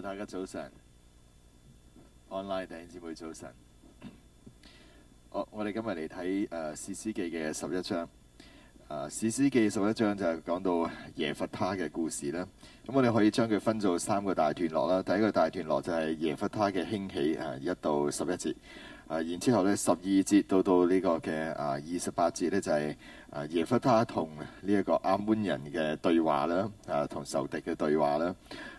大家早晨，online 弟姊妹早晨。好，我我哋今日嚟睇《士師記》嘅十一章。呃、《士師記》十一章就係講到耶弗他嘅故事啦。咁我哋可以將佢分做三個大段落啦。第一個大段落就係耶弗他嘅興起，誒、啊、一到十一節。啊，然之後咧十二節到到、啊、呢個嘅啊二十八節咧就係、是、啊耶弗他同呢一個亞捫人嘅對話啦，啊同仇敵嘅對話啦，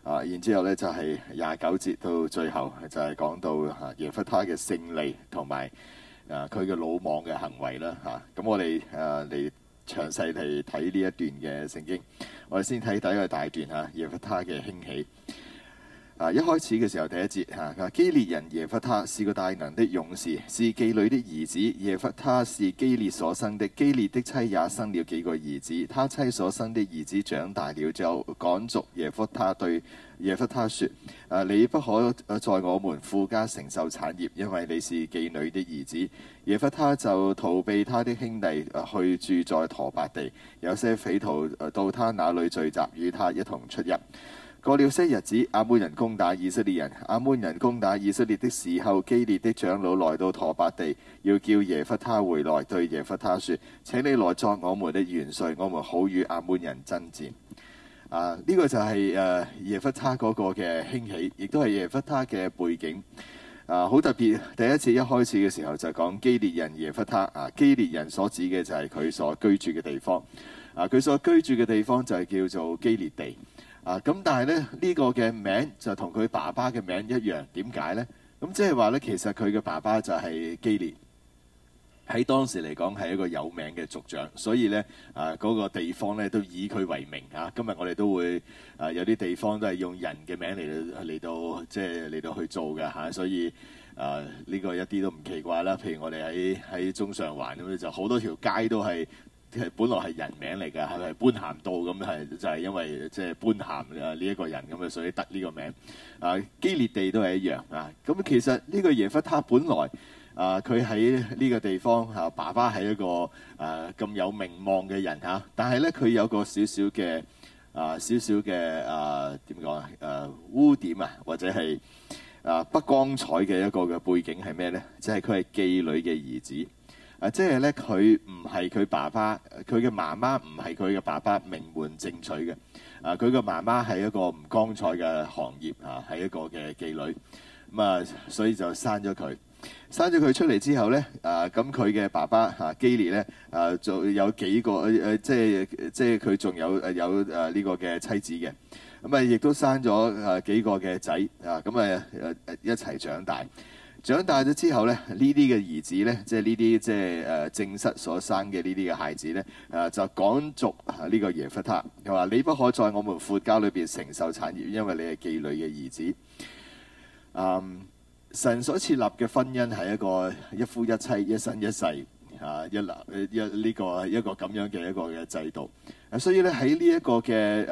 啊然之後咧就係廿九節到最後就係、是、講到耶弗他嘅勝利同埋啊佢嘅魯莽嘅行為啦咁、啊、我哋嚟詳細嚟睇呢一段嘅聖經，我哋先睇第一個大段、啊、耶弗他嘅興起。啊！一開始嘅時候，第一節嚇，佢話：基列人耶弗他是個大能的勇士，是妓女的兒子。耶弗他是基列所生的，基列的妻也生了幾個兒子。他妻所生的兒子長大了，就趕逐耶弗他，對耶弗他說：啊，你不可在我們父家承受產業，因為你是妓女的兒子。耶弗他就逃避他的兄弟，去住在陀伯地。有些匪徒到他那裏聚集，與他一同出入。過了些日子，亞捫人攻打以色列人。亞捫人攻打以色列的時候，基列的長老來到陀伯地，要叫耶弗他回來，對耶弗他說：請你來作我們的元帥，我們好與亞捫人爭戰。啊，呢個就係，誒，耶弗他嗰個嘅興起，亦都係耶弗他嘅背景。啊，好特別，第一次一開始嘅時候就講基列人耶弗他。啊，基列人所指嘅就係佢所居住嘅地方。啊，佢所居住嘅地方就係叫做基列地。啊，咁但係咧呢、呢個嘅名就同佢爸爸嘅名一樣，點解呢？咁即係話呢，其實佢嘅爸爸就係基列，喺當時嚟講係一個有名嘅族長，所以呢，啊嗰、嗰個地方呢都以佢為名啊。今日我哋都會啊有啲地方都係用人嘅名嚟嚟到即係嚟到去做嘅㗎、啊，所以啊呢、呢個一啲都唔奇怪啦。譬如我哋喺喺中上環咁，就好多條街都係。本來係人名嚟嘅，係咪般咸道咁，係就係因為即係般咸啊呢一個人咁啊，所以得呢個名啊，基列地都係一樣啊。咁其實呢個耶弗他本來啊，佢喺呢個地方啊，爸爸係一個啊咁有名望嘅人嚇、啊，但係咧佢有一個少少嘅啊少少嘅啊，點講啊誒污點啊，或者係啊不光彩嘅一個嘅背景係咩咧？即係佢係妓女嘅兒子。啊，即係咧，佢唔係佢爸爸，佢嘅媽媽唔係佢嘅爸爸，名門正娶嘅。啊，佢嘅媽媽係一個唔光彩嘅行業，嚇、啊、係一個嘅妓女。咁啊，所以就生咗佢。生咗佢出嚟之後咧，啊咁佢嘅爸爸嚇基列咧，啊仲、啊、有幾個誒誒、啊，即係即係佢仲有誒有誒呢個嘅妻子嘅。咁啊，亦都生咗啊幾個嘅仔啊，咁啊誒一齊長大。長大咗之後呢，呢啲嘅兒子呢，即係呢啲即係正室所生嘅呢啲嘅孩子呢，就趕逐呢個耶弗他，佢話你不可在我們父家裏面承受產業，因為你係妓女嘅兒子。嗯。神所設立嘅婚姻係一個一夫一妻、一生一世、一男一呢、呢個一個咁樣嘅一個嘅制度。所以呢，喺呢一個嘅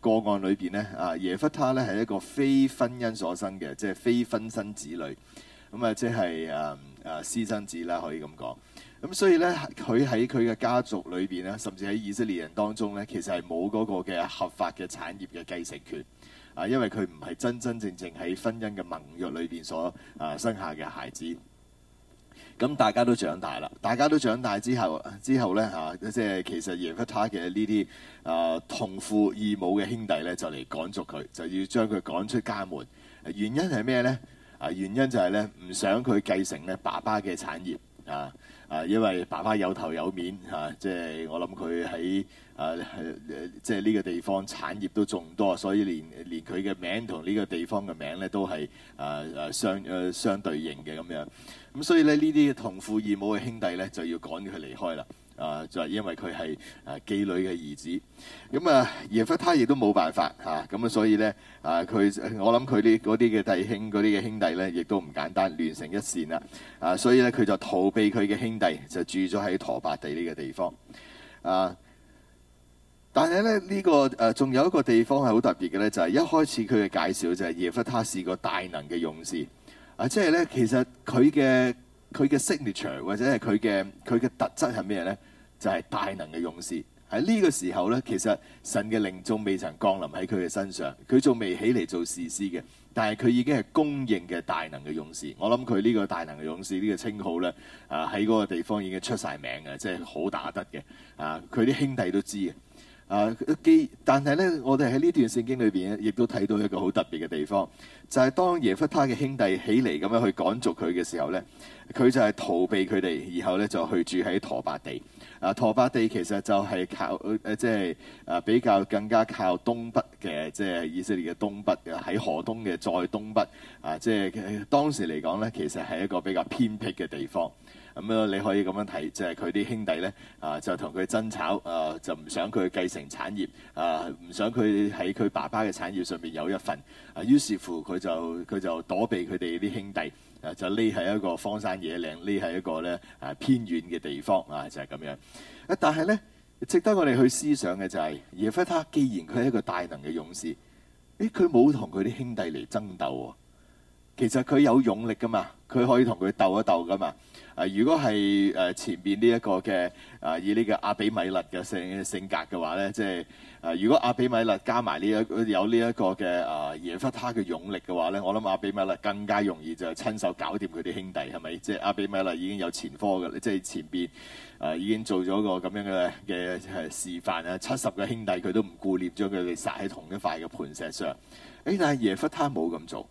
個案裏面呢，啊耶弗他呢係一個非婚姻所生嘅，即係非婚生子女。咁啊、就是，即係誒誒私生子啦，可以咁講。咁所以呢，佢喺佢嘅家族裏邊咧，甚至喺以色列人當中呢，其實係冇嗰個嘅合法嘅產業嘅繼承權啊，因為佢唔係真真正正喺婚姻嘅盟約裏邊所啊生下嘅孩子。咁大家都長大啦，大家都長大之後，之後咧嚇、啊，即係其實耶弗他嘅呢啲啊同父異母嘅兄弟呢，就嚟趕逐佢，就要將佢趕出家門。原因係咩呢？啊原因就係咧，唔想佢繼承咧爸爸嘅產業，啊啊，因為爸爸有頭有面吓，即係我諗佢喺啊即係呢個地方產業都仲多，所以連連佢嘅名同呢個地方嘅名咧都係啊啊相啊相對應嘅咁樣，咁所以咧呢啲同父異母嘅兄弟咧就要趕佢離開啦。啊，就係因為佢係啊妓女嘅兒子，咁啊耶弗他亦都冇辦法吓，咁啊所以咧啊佢我諗佢啲嗰啲嘅弟兄嗰啲嘅兄弟咧，亦都唔簡單，亂成一線啦啊！所以咧佢、啊啊、就逃避佢嘅兄弟，就住咗喺陀伯地呢個地方啊。但係咧呢、呢個仲、啊、有一個地方係好特別嘅咧，就係、是、一開始佢嘅介紹就係耶弗他是個大能嘅勇士啊，即係咧其實佢嘅佢嘅 signature 或者係佢嘅佢嘅特質係咩咧？就係、是、大能嘅勇士喺呢個時候呢，其實神嘅靈仲未曾降臨喺佢嘅身上，佢仲未起嚟做士師嘅，但係佢已經係公認嘅大能嘅勇士。我諗佢呢個大能嘅勇士呢、這個稱號呢，啊喺嗰個地方已經出晒名嘅，即係好打得嘅。啊，佢啲兄弟都知嘅。啊，既但係呢，我哋喺呢段聖經裏邊亦都睇到一個好特別嘅地方，就係、是、當耶弗他嘅兄弟起嚟咁樣去趕逐佢嘅時候呢，佢就係逃避佢哋，然後呢就去住喺陀伯地。啊，陀伯地其實就係靠誒，即係啊比較更加靠東北嘅，即係以色列嘅東北嘅，喺河東嘅再東北啊，即係當時嚟講咧，其實係一個比較偏僻嘅地方。咁啊，你可以咁樣睇，即係佢啲兄弟咧啊，就同佢爭吵啊，就唔想佢繼承產業啊，唔想佢喺佢爸爸嘅產業上面有一份啊，於是乎佢就佢就躲避佢哋啲兄弟。就匿喺一個荒山野嶺，匿喺一個咧誒偏遠嘅地方啊，就係、是、咁樣。但係咧，值得我哋去思想嘅就係、是、 耶弗他，既然佢係一個大能嘅勇士，誒佢冇同佢啲兄弟嚟爭鬥喎、啊。其實佢有勇力噶嘛，佢可以同佢鬥一鬥噶嘛。啊、呃，如果係、呃、前面呢一個嘅、呃、以呢個阿比米勒嘅性性格嘅話咧，即係、呃、如果阿比米勒加埋呢一有呢一個嘅、呃、耶弗他嘅勇力嘅話咧，我諗阿比米勒更加容易就親手搞掂佢啲兄弟，係咪？即係阿比米勒已經有前科啦，即係前面、呃、已經做咗個咁樣嘅嘅示範啦。七十個兄弟佢都唔顧念將佢哋殺喺同一塊嘅磐石上。誒、哎，但係耶弗他冇咁做。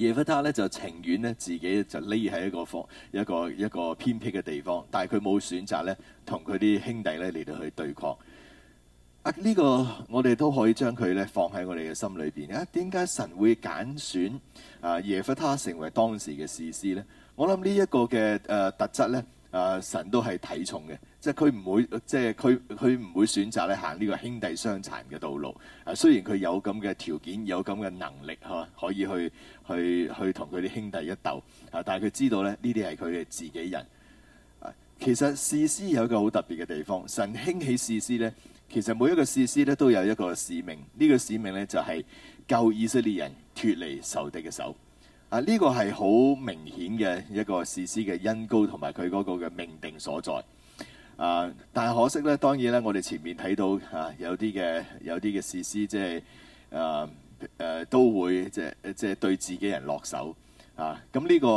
耶弗他呢就情願呢自己就匿喺一個方，一個一個偏僻嘅地方，但係佢冇選擇呢同佢啲兄弟呢嚟到去對抗。啊，呢、這個我哋都可以將佢呢放喺我哋嘅心裏邊。啊，點解神會揀選啊耶弗他成為當時嘅士師呢？我諗呢一個嘅誒、呃、特質呢，誒、呃、神都係睇重嘅。即係佢唔會，即係佢佢唔會選擇咧行呢個兄弟相殘嘅道路。啊，雖然佢有咁嘅條件，有咁嘅能力嚇、啊，可以去去去同佢啲兄弟一鬥啊。但係佢知道咧，呢啲係佢嘅自己人、啊、其實士師有一個好特別嘅地方，神興起士師呢，其實每一個士師咧都有一個使命。呢、呢個使命呢，就係、係、救以色列人脫離仇敵嘅手啊。呢、呢個係好明顯嘅一個士師嘅恩膏同埋佢嗰個嘅命定所在。啊！但係可惜咧，當然咧，我哋前面睇到啊，有啲嘅有啲嘅士師，即係啊誒、啊，都會即係即係對自己人落手啊！咁呢個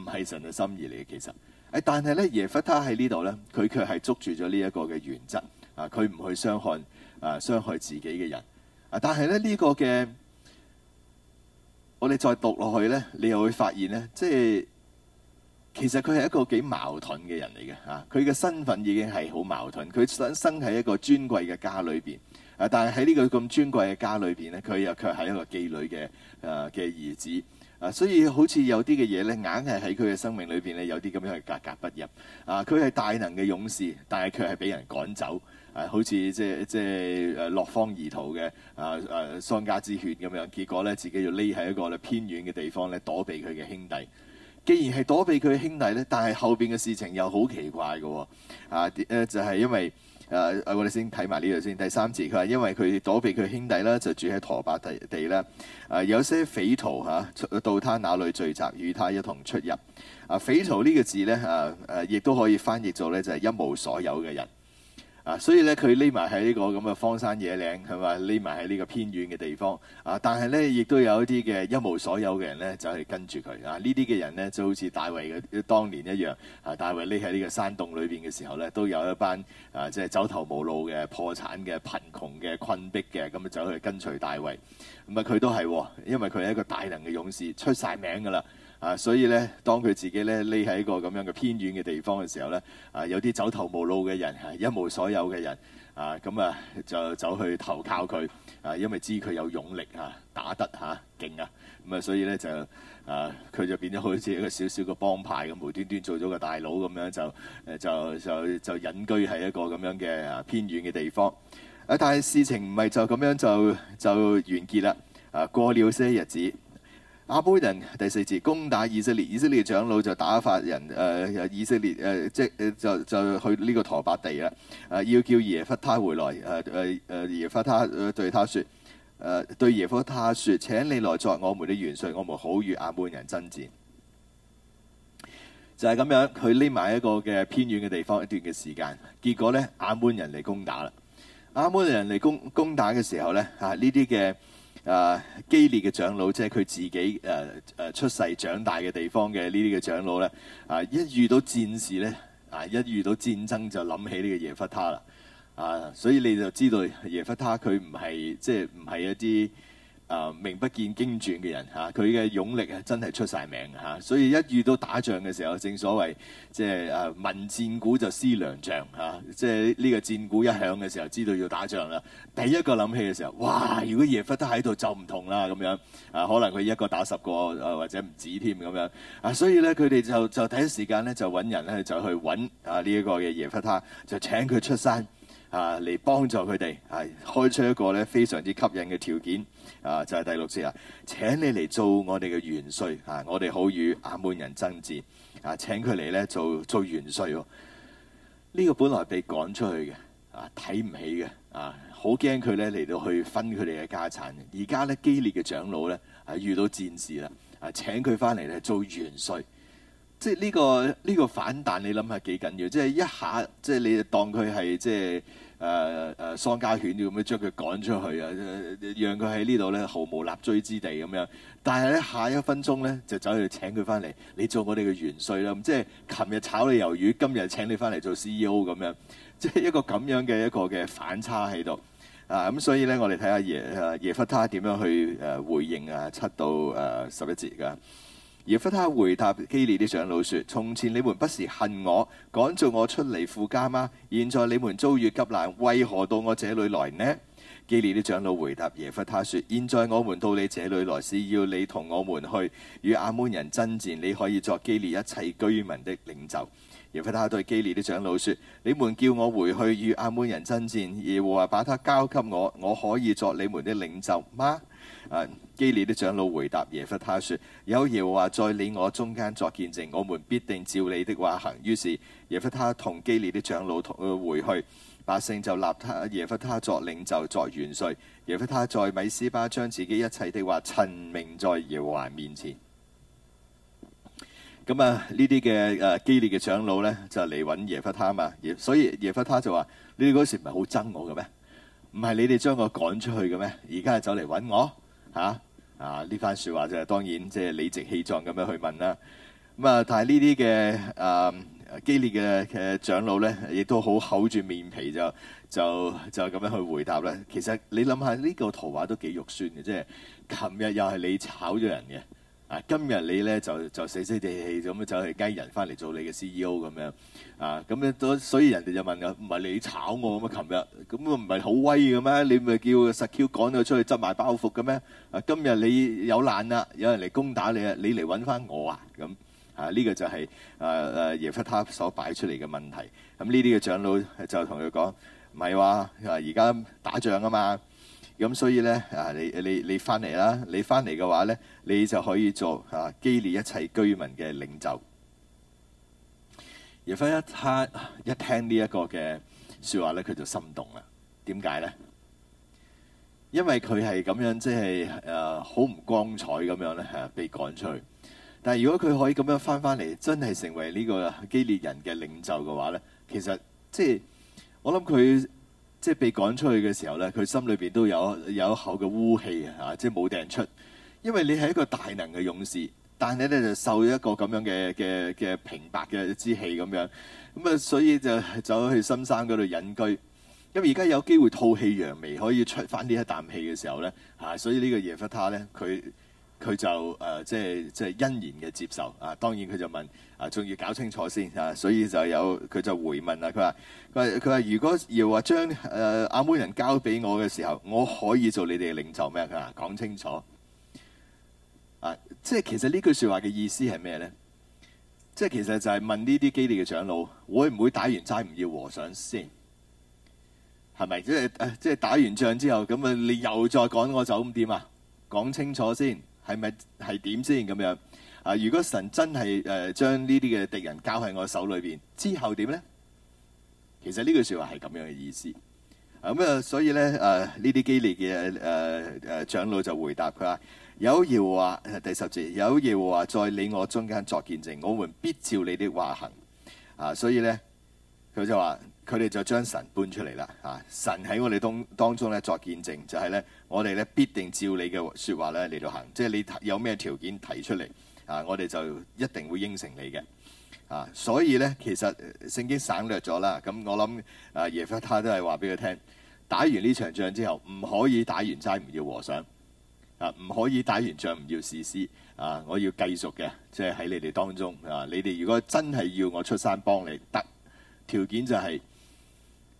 唔係神嘅心意嚟嘅，其實誒，但係咧，耶弗他喺呢度咧，佢卻係捉住咗呢一個嘅原則啊！佢唔去傷害啊，傷害自己嘅人啊！但係咧，呢、這個嘅我哋再讀落去咧，你又會發現咧，即係。其實佢係一個幾矛盾嘅人嚟嘅嚇，佢嘅身份已經係好矛盾。佢想生喺一個尊貴嘅家裏邊，啊，但係喺呢個咁尊貴嘅家裏邊咧，佢又卻係一個妓女嘅誒嘅兒子啊，所以好似有啲嘅嘢咧，硬係喺佢嘅生命裏邊咧，有啲咁樣嘅格格不入啊。佢係大能嘅勇士，但係卻係俾人趕走啊，好似即係即係誒落荒而逃嘅啊啊，喪家之犬咁樣。結果呢，自己要匿喺一個偏遠嘅地方咧，躲避佢嘅兄弟。既然係躲避佢兄弟咧，但係後邊嘅事情又好奇怪嘅，哦，啊誒就係、是、因為，誒、啊、誒我哋先睇埋呢度先。第三節佢話，因為佢躲避佢兄弟咧，就住喺駝伯地地咧，誒、啊、有些匪徒吓、啊、到他那裏聚集，與他一同出入。啊，匪徒呢個字咧啊誒亦、啊、都可以翻譯做咧就係、是、一無所有嘅人。啊，所以咧佢匿埋喺呢個咁嘅荒山野嶺，係嘛，匿埋喺呢個偏遠嘅地方。啊，但係咧亦都有一啲嘅一無所有嘅人咧，就係跟住佢。啊，呢啲嘅人咧就好似大衛嘅當年一樣。啊，大衛匿喺呢個山洞裏邊嘅時候咧，都有一班啊，即係走投無路嘅破產嘅貧窮嘅困迫嘅咁啊，走去跟隨大衛。咁啊，佢都係，因為佢係一個大能嘅勇士，出晒名㗎啦。啊，所以咧，當佢自己咧匿喺一個咁樣嘅偏遠嘅地方嘅時候咧，啊，有啲走投無路嘅人，啊，一無所有嘅人，啊，咁啊就走去投靠佢，啊，因為知佢有勇力啊，打得嚇勁啊，咁啊，啊，所以咧就啊，佢就變咗好似一個小小嘅幫派咁，無端端做咗個大佬咁樣就，誒就就就隱居喺一個咁樣嘅啊偏遠嘅地方。啊，但係事情唔係就咁樣就就完結啦。啊，過了些日子。亞捫人第四節攻打以色列，以色列長老就打發人誒、呃、以色列誒即誒就就,就去呢個陀伯地啦。誒、呃、要叫耶弗他回來誒誒誒耶弗他對他説誒、呃、對耶弗他説：請你來作我們的元帥，我們好與亞捫人爭戰。就係、是、咁樣，佢匿埋一個嘅偏遠嘅地方一段嘅時間，結果呢，亞捫人嚟攻打啦。亞捫人嚟攻攻打嘅時候呢，嚇呢啲嘅。啊！基列嘅長老，即係佢自己誒誒、啊啊、出世長大嘅地方嘅呢啲嘅長老咧，啊！一遇到戰士咧，啊！一遇到戰爭就諗起呢個耶弗他啦，啊！所以你就知道耶弗他佢唔係即係唔係一啲。啊，名不見經傳嘅人嚇，佢嘅勇力啊真係出晒名嚇，所以一遇到打仗嘅時候，正所謂即係啊，聞戰鼓就思良將嚇，即係呢個戰鼓一響嘅時候，知道要打仗啦。第一個諗起嘅時候，哇！如果耶弗他喺度就唔同啦，咁樣啊，可能佢一個打十個啊，或者唔止添咁樣啊，所以咧佢哋就就第一時間咧就揾人咧就去揾啊呢一個嘅耶弗他，就請佢出山啊嚟幫助佢哋啊，開出一個咧非常之吸引嘅條件。啊，就係、是、第六節啊！請你嚟做我哋嘅元帥啊！我哋好與亞捫人爭戰啊！請佢嚟咧做做元帥喎。呢、這個本來被趕出去嘅啊，睇唔起嘅啊，好驚佢咧嚟到去分佢哋嘅家產。而家咧基列嘅長老咧啊，遇到戰事啦啊，請佢返嚟咧做元帥。即係、這、呢個呢、這個反彈，你諗下幾緊要？即係一下，即係你當佢係即係。誒、啊、誒，喪、啊、家犬要咁樣將佢趕出去啊，讓佢喺呢度咧毫無立錐之地咁樣。但係咧，下一分鐘咧就走去請佢翻嚟，你做我哋嘅元帥啦。咁、啊、即係琴日炒你魷魚，今日請你翻嚟做 CEO 咁樣，即係一個咁樣嘅一個嘅反差喺度。啊，咁所以咧，我哋睇下耶耶弗他點樣去誒回應啊七到誒、啊、十一節㗎。耶弗他回答基列的長老說：從前你們不是恨我，趕逐我出離父家嗎？現在你們遭遇急難，為何到我這裏來呢？基列的長老回答耶弗他說：現在我們到你這裏來，是要你同我們去與亞捫人爭戰，你可以作基列一切居民的領袖。耶弗他對基列的長老說：你們叫我回去與亞捫人爭戰，耶和華把他交給我，我可以作你們的領袖嗎？啊！基列的長老回答耶弗他說：有耶和華在你我中間作見證，我們必定照你的話行。於是耶弗他同基列的長老同回去，百姓就立他耶弗他作領袖作元帥。耶弗他在米斯巴將自己一切的話陳明在耶和華面前。咁啊，呢啲嘅誒基列嘅長老呢，就嚟揾耶弗他嘛，所以耶弗他就話：你哋嗰時唔係好憎我嘅咩？唔係你哋將我趕出去嘅咩？而家就走嚟揾我？嚇，啊！啊！呢番説話就係，當然即係理直氣壯咁樣去問啦。咁啊，但係呢啲嘅誒激烈嘅嘅長老咧，亦都好厚住面皮就就就咁樣去回答啦。其實你諗下呢個圖畫都幾肉酸嘅，即係琴日又係你炒咗人嘅。啊！今日你咧就就死死地地咁樣走去拉人翻嚟做你嘅 CEO 咁樣啊！咁樣都所以人哋就問我：唔、啊、係你炒我咁啊？琴日咁啊唔係好威嘅咩？你咪叫實 Q 趕咗出去執埋包袱嘅咩？啊！今日你有難啦，有人嚟攻打你啊！你嚟揾翻我啊！咁啊呢、啊啊這個就係誒誒耶夫塔所擺出嚟嘅問題。咁呢啲嘅長老就同佢講：唔係話而家打仗啊嘛！咁所以咧，啊，你你你翻嚟啦！你翻嚟嘅話咧，你就可以做啊基列一切居民嘅領袖。而翻一刻，一聽這呢一個嘅説話咧，佢就心動啦。點解咧？因為佢係咁樣，即係誒好唔光彩咁樣咧，係、啊、被趕出去。但係如果佢可以咁樣翻翻嚟，真係成為呢個基列人嘅領袖嘅話咧，其實即係、就是、我諗佢。即係被趕出去嘅時候呢，佢心裏邊都有有一口嘅污氣啊！即係冇掟出，因為你係一個大能嘅勇士，但係咧就受咗一個咁樣嘅嘅嘅平白嘅之氣咁樣，咁啊所以就走去深山嗰度隱居。因為而家有機會吐氣揚眉，可以出翻呢一啖氣嘅時候呢。嚇、啊！所以呢個耶弗他呢，佢。佢就誒、呃、即係即係欣然嘅接受啊！當然佢就問啊，仲要搞清楚先啊，所以就有佢就回問啊。佢話佢佢話如果要話將誒亞捫人交俾我嘅時候，我可以做你哋嘅領袖咩？佢話，講清楚啊！即係其實呢句説話嘅意思係咩咧？即係其實就係問呢啲基列嘅長老，會唔會打完齋唔要和尚先？係咪即係、啊、即係打完仗之後咁啊？你又再趕我走咁點啊？講清楚先。係咪係點先咁樣？啊，如果神真係誒、呃、將呢啲嘅敵人交喺我手裏邊之後點呢？其實呢句説話係咁樣嘅意思。咁啊，所以咧誒呢啲、呃、基列嘅誒誒長老就回答佢話：有耶和華，第十節有耶和華，在你我中間作見證，我們必照你的話行。啊，所以咧佢就話。佢哋就將神搬出嚟啦，啊！神喺我哋當當中咧作見證，就係咧我哋咧必定照你嘅説話咧嚟到行，即係你有咩條件提出嚟，啊，我哋就一定會應承你嘅，啊，所以咧其實聖經省略咗啦，咁我諗啊耶弗他都係話俾佢聽，打完呢場仗之後唔可以打完齋唔要和尚，啊，唔可以打完仗唔要士師，啊，我要繼續嘅，即係喺你哋當中啊，你哋如果真係要我出山幫你，得條件就係。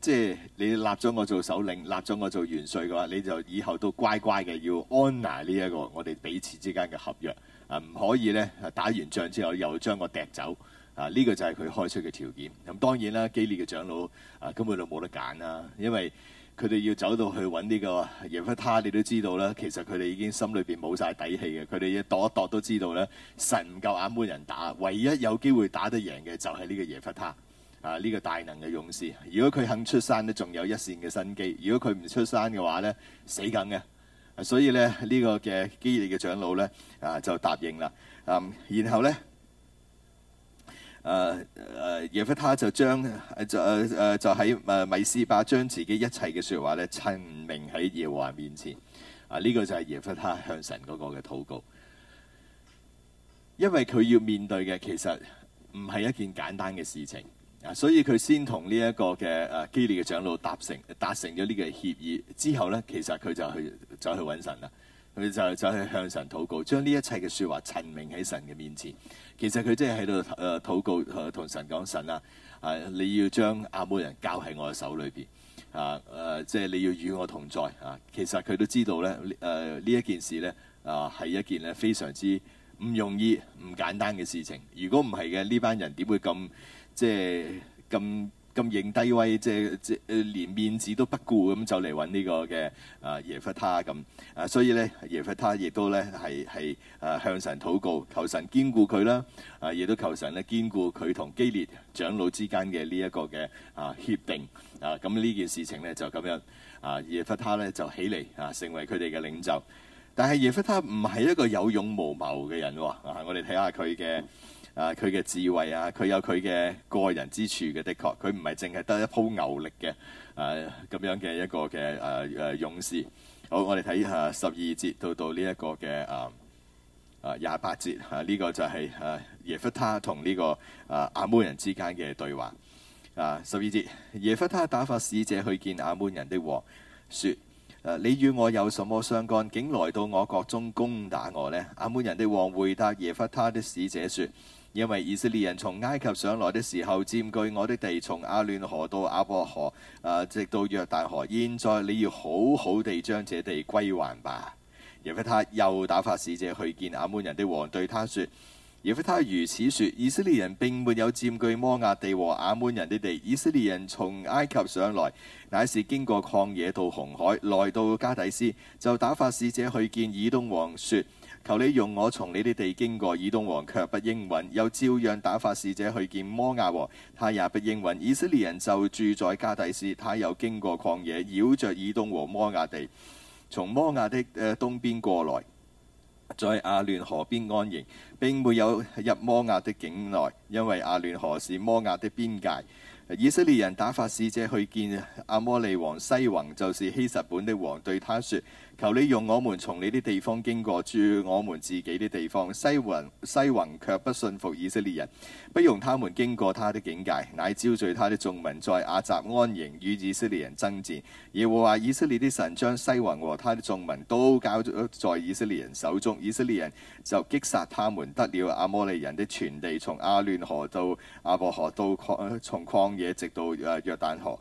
即係你立咗我做首領，立咗我做元帥嘅話，你就以後都乖乖嘅要安拿呢一個我哋彼此之間嘅合約啊，唔可以呢，打完仗之後又將我掟走啊！呢、這個就係佢開出嘅條件。咁當然啦，基列嘅長老啊，根本就冇得揀啦、啊，因為佢哋要走到去揾呢個耶弗他，你都知道啦。其實佢哋已經心裏面冇晒底氣嘅，佢哋一度一度都知道咧，神唔夠亞捫人打，唯一有機會打得贏嘅就係呢個耶弗他。啊！呢、這個大能嘅勇士，如果佢肯出山咧，仲有一線嘅生機；如果佢唔出山嘅話咧，死梗嘅、啊。所以咧，呢、這個嘅基列嘅長老呢，啊就答應啦。嗯，然後呢，誒、啊、誒，耶弗他就將、啊、就誒誒、啊、就喺誒、啊、米斯巴將自己一切嘅説話咧，陳明喺耶和華面前。啊，呢、這個就係耶弗他向神嗰個嘅禱告，因為佢要面對嘅其實唔係一件簡單嘅事情。啊！所以佢先同呢一個嘅誒基列嘅長老成達成達成咗呢個協議之後咧，其實佢就去走去揾神啦。佢就走去向神禱告，將呢一切嘅説話陳明喺神嘅面前。其實佢真係喺度誒禱告，同、呃、神講神啊！啊，你要將亞捫人交喺我嘅手裏邊啊！誒、啊，即係你要與我同在啊！其實佢都知道咧，誒、呃、呢一件事咧啊，係一件咧非常之唔容易、唔簡單嘅事情。如果唔係嘅，呢班人點會咁？即係咁咁認低威，即係即係連面子都不顧，咁就嚟揾呢個嘅啊耶弗他咁啊，所以咧耶弗他亦都咧係係啊向神禱告，求神堅固佢啦啊，亦都求神咧堅固佢同基列長老之間嘅呢一個嘅啊協定啊，咁呢件事情咧就咁樣啊耶弗他咧就起嚟啊成為佢哋嘅領袖，但係耶弗他唔係一個有勇無謀嘅人喎啊，我哋睇下佢嘅。啊！佢嘅智慧啊，佢有佢嘅過人之處嘅，的確佢唔係淨係得一鋪牛力嘅啊咁樣嘅一個嘅啊啊勇士。好，我哋睇下十二節到到呢一個嘅啊廿八、啊、節嚇，呢、啊這個就係、是、啊耶弗他同呢、這個啊亞末人之間嘅對話啊。十二節，耶弗他打發使者去見亞捫人的王，説：誒、啊、你與我有什麼相干？竟來到我國中攻打我呢？亞捫人的王回答耶弗他的使者説。因為以色列人從埃及上來的時候，佔據我的地，從亞嫩河到雅博河，啊、呃，直到約但河。現在你要好好地將這地歸還吧。耶弗他又打發使者去見亞捫人的王，對他說：耶弗他如此說，以色列人並沒有佔據摩押地和亞捫人的地。以色列人從埃及上來，乃是經過曠野到紅海，來到加低斯，就打發使者去見以東王，說。求你容我從你的地經過，以東王卻不應允，又照樣打發使者去見摩押王，他也不應允。以色列人就住在加低斯，他又經過曠野，繞著以東和摩押地，從摩押的東邊過來，在亞嫩河邊安營，並沒有入摩押的境內，因為亞嫩河是摩押的邊界。以色列人打發使者去見亞摩利王西宏，就是希實本的王，對他說。求你用我們從你啲地方經過，住我們自己啲地方。西雲，西雲卻不信服以色列人，不容他們經過他的境界，乃招聚他的眾民，在亞雜安營，與以色列人爭戰。耶和華以色列的神將西雲和他的眾民都交在以色列人手中，以色列人就擊殺他們，得了阿摩利人的全地，從亞嫩河到阿伯河到礦，從曠野直到約旦河。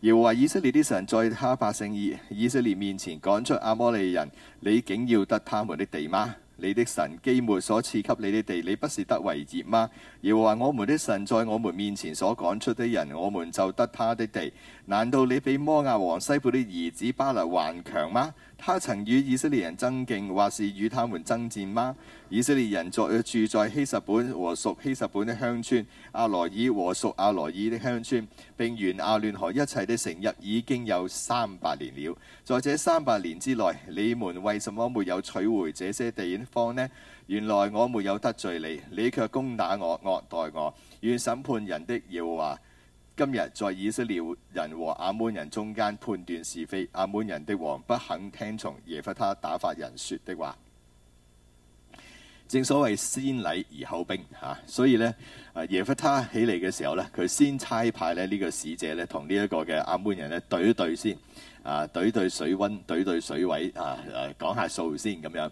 要話以色列的神在他百姓以色列面前趕出阿摩利人，你竟要得他們的地嗎？你的神基抹所賜給你的地，你不是得為業嗎？又話我，我們的神在我們面前所趕出的人，我們就得他的地。難道你比摩亞王西撥的兒子巴勒還強嗎？他曾與以色列人爭競，或是與他們爭戰嗎？以色列人在住在希實本和屬希實本的鄉村，亞羅珥和屬亞羅珥的鄉村，並沿亞嫩河一切的城邑已經有三百年了。在這三百年之內，你們為什麼沒有取回這些地呢？方呢原來我沒有得罪你，你卻攻打我、惡待我。願審判人的耶和華，今日在以色列人和亞捫人中間判斷是非。亞捫人的王不肯聽從耶弗他打發人說的話。正所謂先禮而後兵、啊、所以咧、啊，耶弗他起嚟嘅時候呢，佢先差派咧呢、呢個使者呢，同呢一個嘅亞捫人咧，對,對對先，啊，對對水温，對對水位，啊，啊講一下數先咁樣。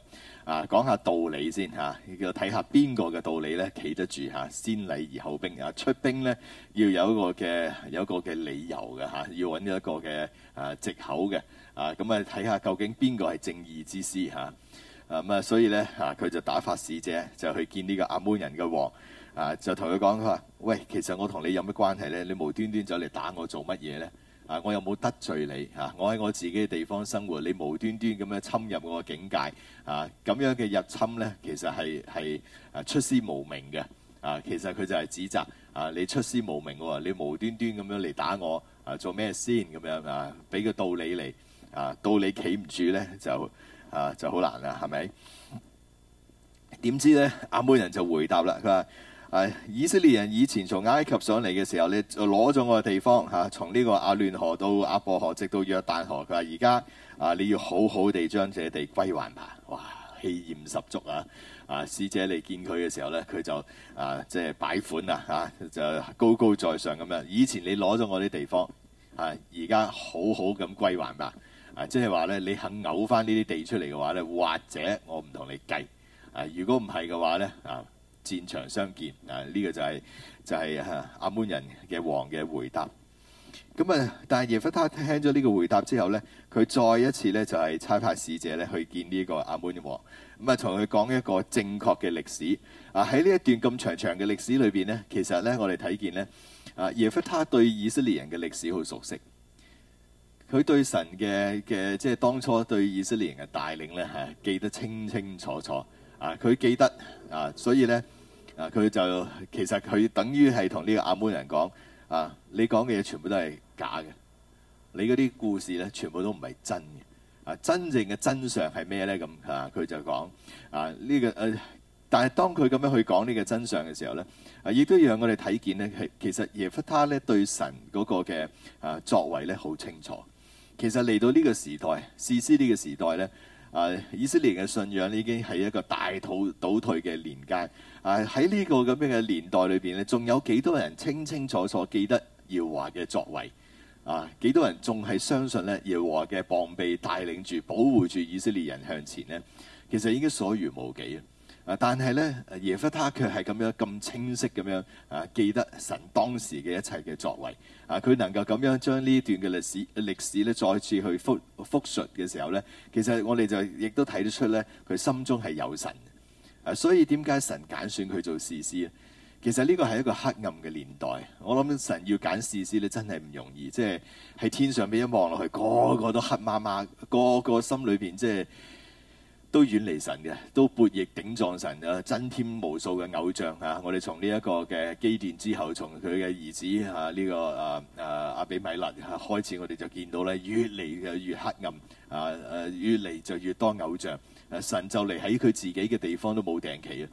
啊，講下道理先嚇，就睇下邊個嘅道理咧企得住、啊、先禮而後兵啊！出兵咧要有一個嘅有一個嘅理由嘅、啊、要搵一個嘅啊藉口嘅啊，咁啊睇下究竟邊個係正義之師咁啊，啊所以咧啊佢就打發使者就去見呢個亞捫人嘅王啊，就同佢講佢話喂，其實我同你有咩關係咧？你無端端走嚟打我做乜嘢咧？啊！我有冇得罪你嚇，我喺我自己嘅地方生活，你無端端咁樣侵入我嘅境界嚇，啊，咁樣嘅入侵咧，其實係係啊出師無名嘅啊，其實佢就係指責啊你出師無名喎，你無端端咁樣嚟打我啊做咩先咁樣啊？啊，俾個道理嚟啊，道理企唔住咧就啊就好難啦，係咪？點知咧亞捫人就回答啦佢話。啊、以色列人以前從埃及上嚟嘅時候你攞咗我嘅地方嚇、啊，從呢個亞嫩河到雅博河，直到約旦河。佢話：而家啊，你要好好地將這些地歸還吧！哇，氣焰十足啊！啊，使者嚟見佢嘅時候呢，佢就啊，即係擺款啊嚇、啊，就高高在上咁樣。以前你攞咗我啲地方嚇，而家好好咁歸還吧。啊，即係話呢，你肯嘔翻呢啲地出嚟嘅話呢，或者我唔同你計啊。如果唔係嘅話呢。啊。戰場相見啊！呢、這個就係、是、就係、是啊、阿滿人嘅王嘅回答。咁啊，但係耶弗他聽咗呢個回答之後呢佢再一次呢就係、是、差派使者咧去見呢個亞捫王，咁啊同佢講一個正確嘅歷史。啊，喺呢一段咁長長嘅歷史裏邊呢其實呢我哋睇見呢，啊，耶弗他對以色列人嘅歷史好熟悉，佢對神嘅嘅即係當初對以色列人嘅帶領呢，係、啊、記得清清楚楚啊！佢記得啊，所以呢。啊！佢就其實佢等於係同呢個亞捫人講啊，你講嘅嘢全部都係假嘅，你嗰啲故事咧全部都唔係真嘅啊。真正嘅真相係咩咧？咁啊，佢就講啊呢、呢個誒、啊，但係當佢咁樣去講呢個真相嘅時候咧，啊，亦都讓我哋睇見咧，係其實耶弗他咧對神嗰個嘅啊作為咧好清楚。其實嚟到呢個時代，士師呢個時代咧啊，以色列嘅信仰已經係一個大倒倒退嘅年間。啊！喺呢個咁樣嘅年代裏邊咧，仲有幾多人清清楚楚記得耶和華嘅作為？啊，幾多人仲係相信咧耶和華嘅膀臂，帶領住、保護住以色列人向前呢？其實已經所餘無幾啊！但係呢，耶弗他卻係咁樣咁清晰咁樣啊，記得神當時嘅一切嘅作為啊，佢能夠咁樣將呢段嘅歷史歷史咧再次去復復述嘅時候呢，其實我哋就亦都睇得出呢，佢心中係有神。所以點解神揀選佢做士師咧？其實呢個係一個黑暗嘅年代。我諗神要揀士師咧，真係唔容易。即係喺天上邊一望落去，個個都黑麻麻，個個心裏邊即係都遠離神嘅，都悖逆頂撞神嘅，增添無數嘅偶像啊！我哋從呢一個嘅基甸之後，從佢嘅兒子啊呢、這個啊啊阿比米勒開始，我哋就見到咧越嚟嘅越黑暗啊誒、啊，越嚟就越多偶像。神就嚟喺佢自己嘅地方都冇訂期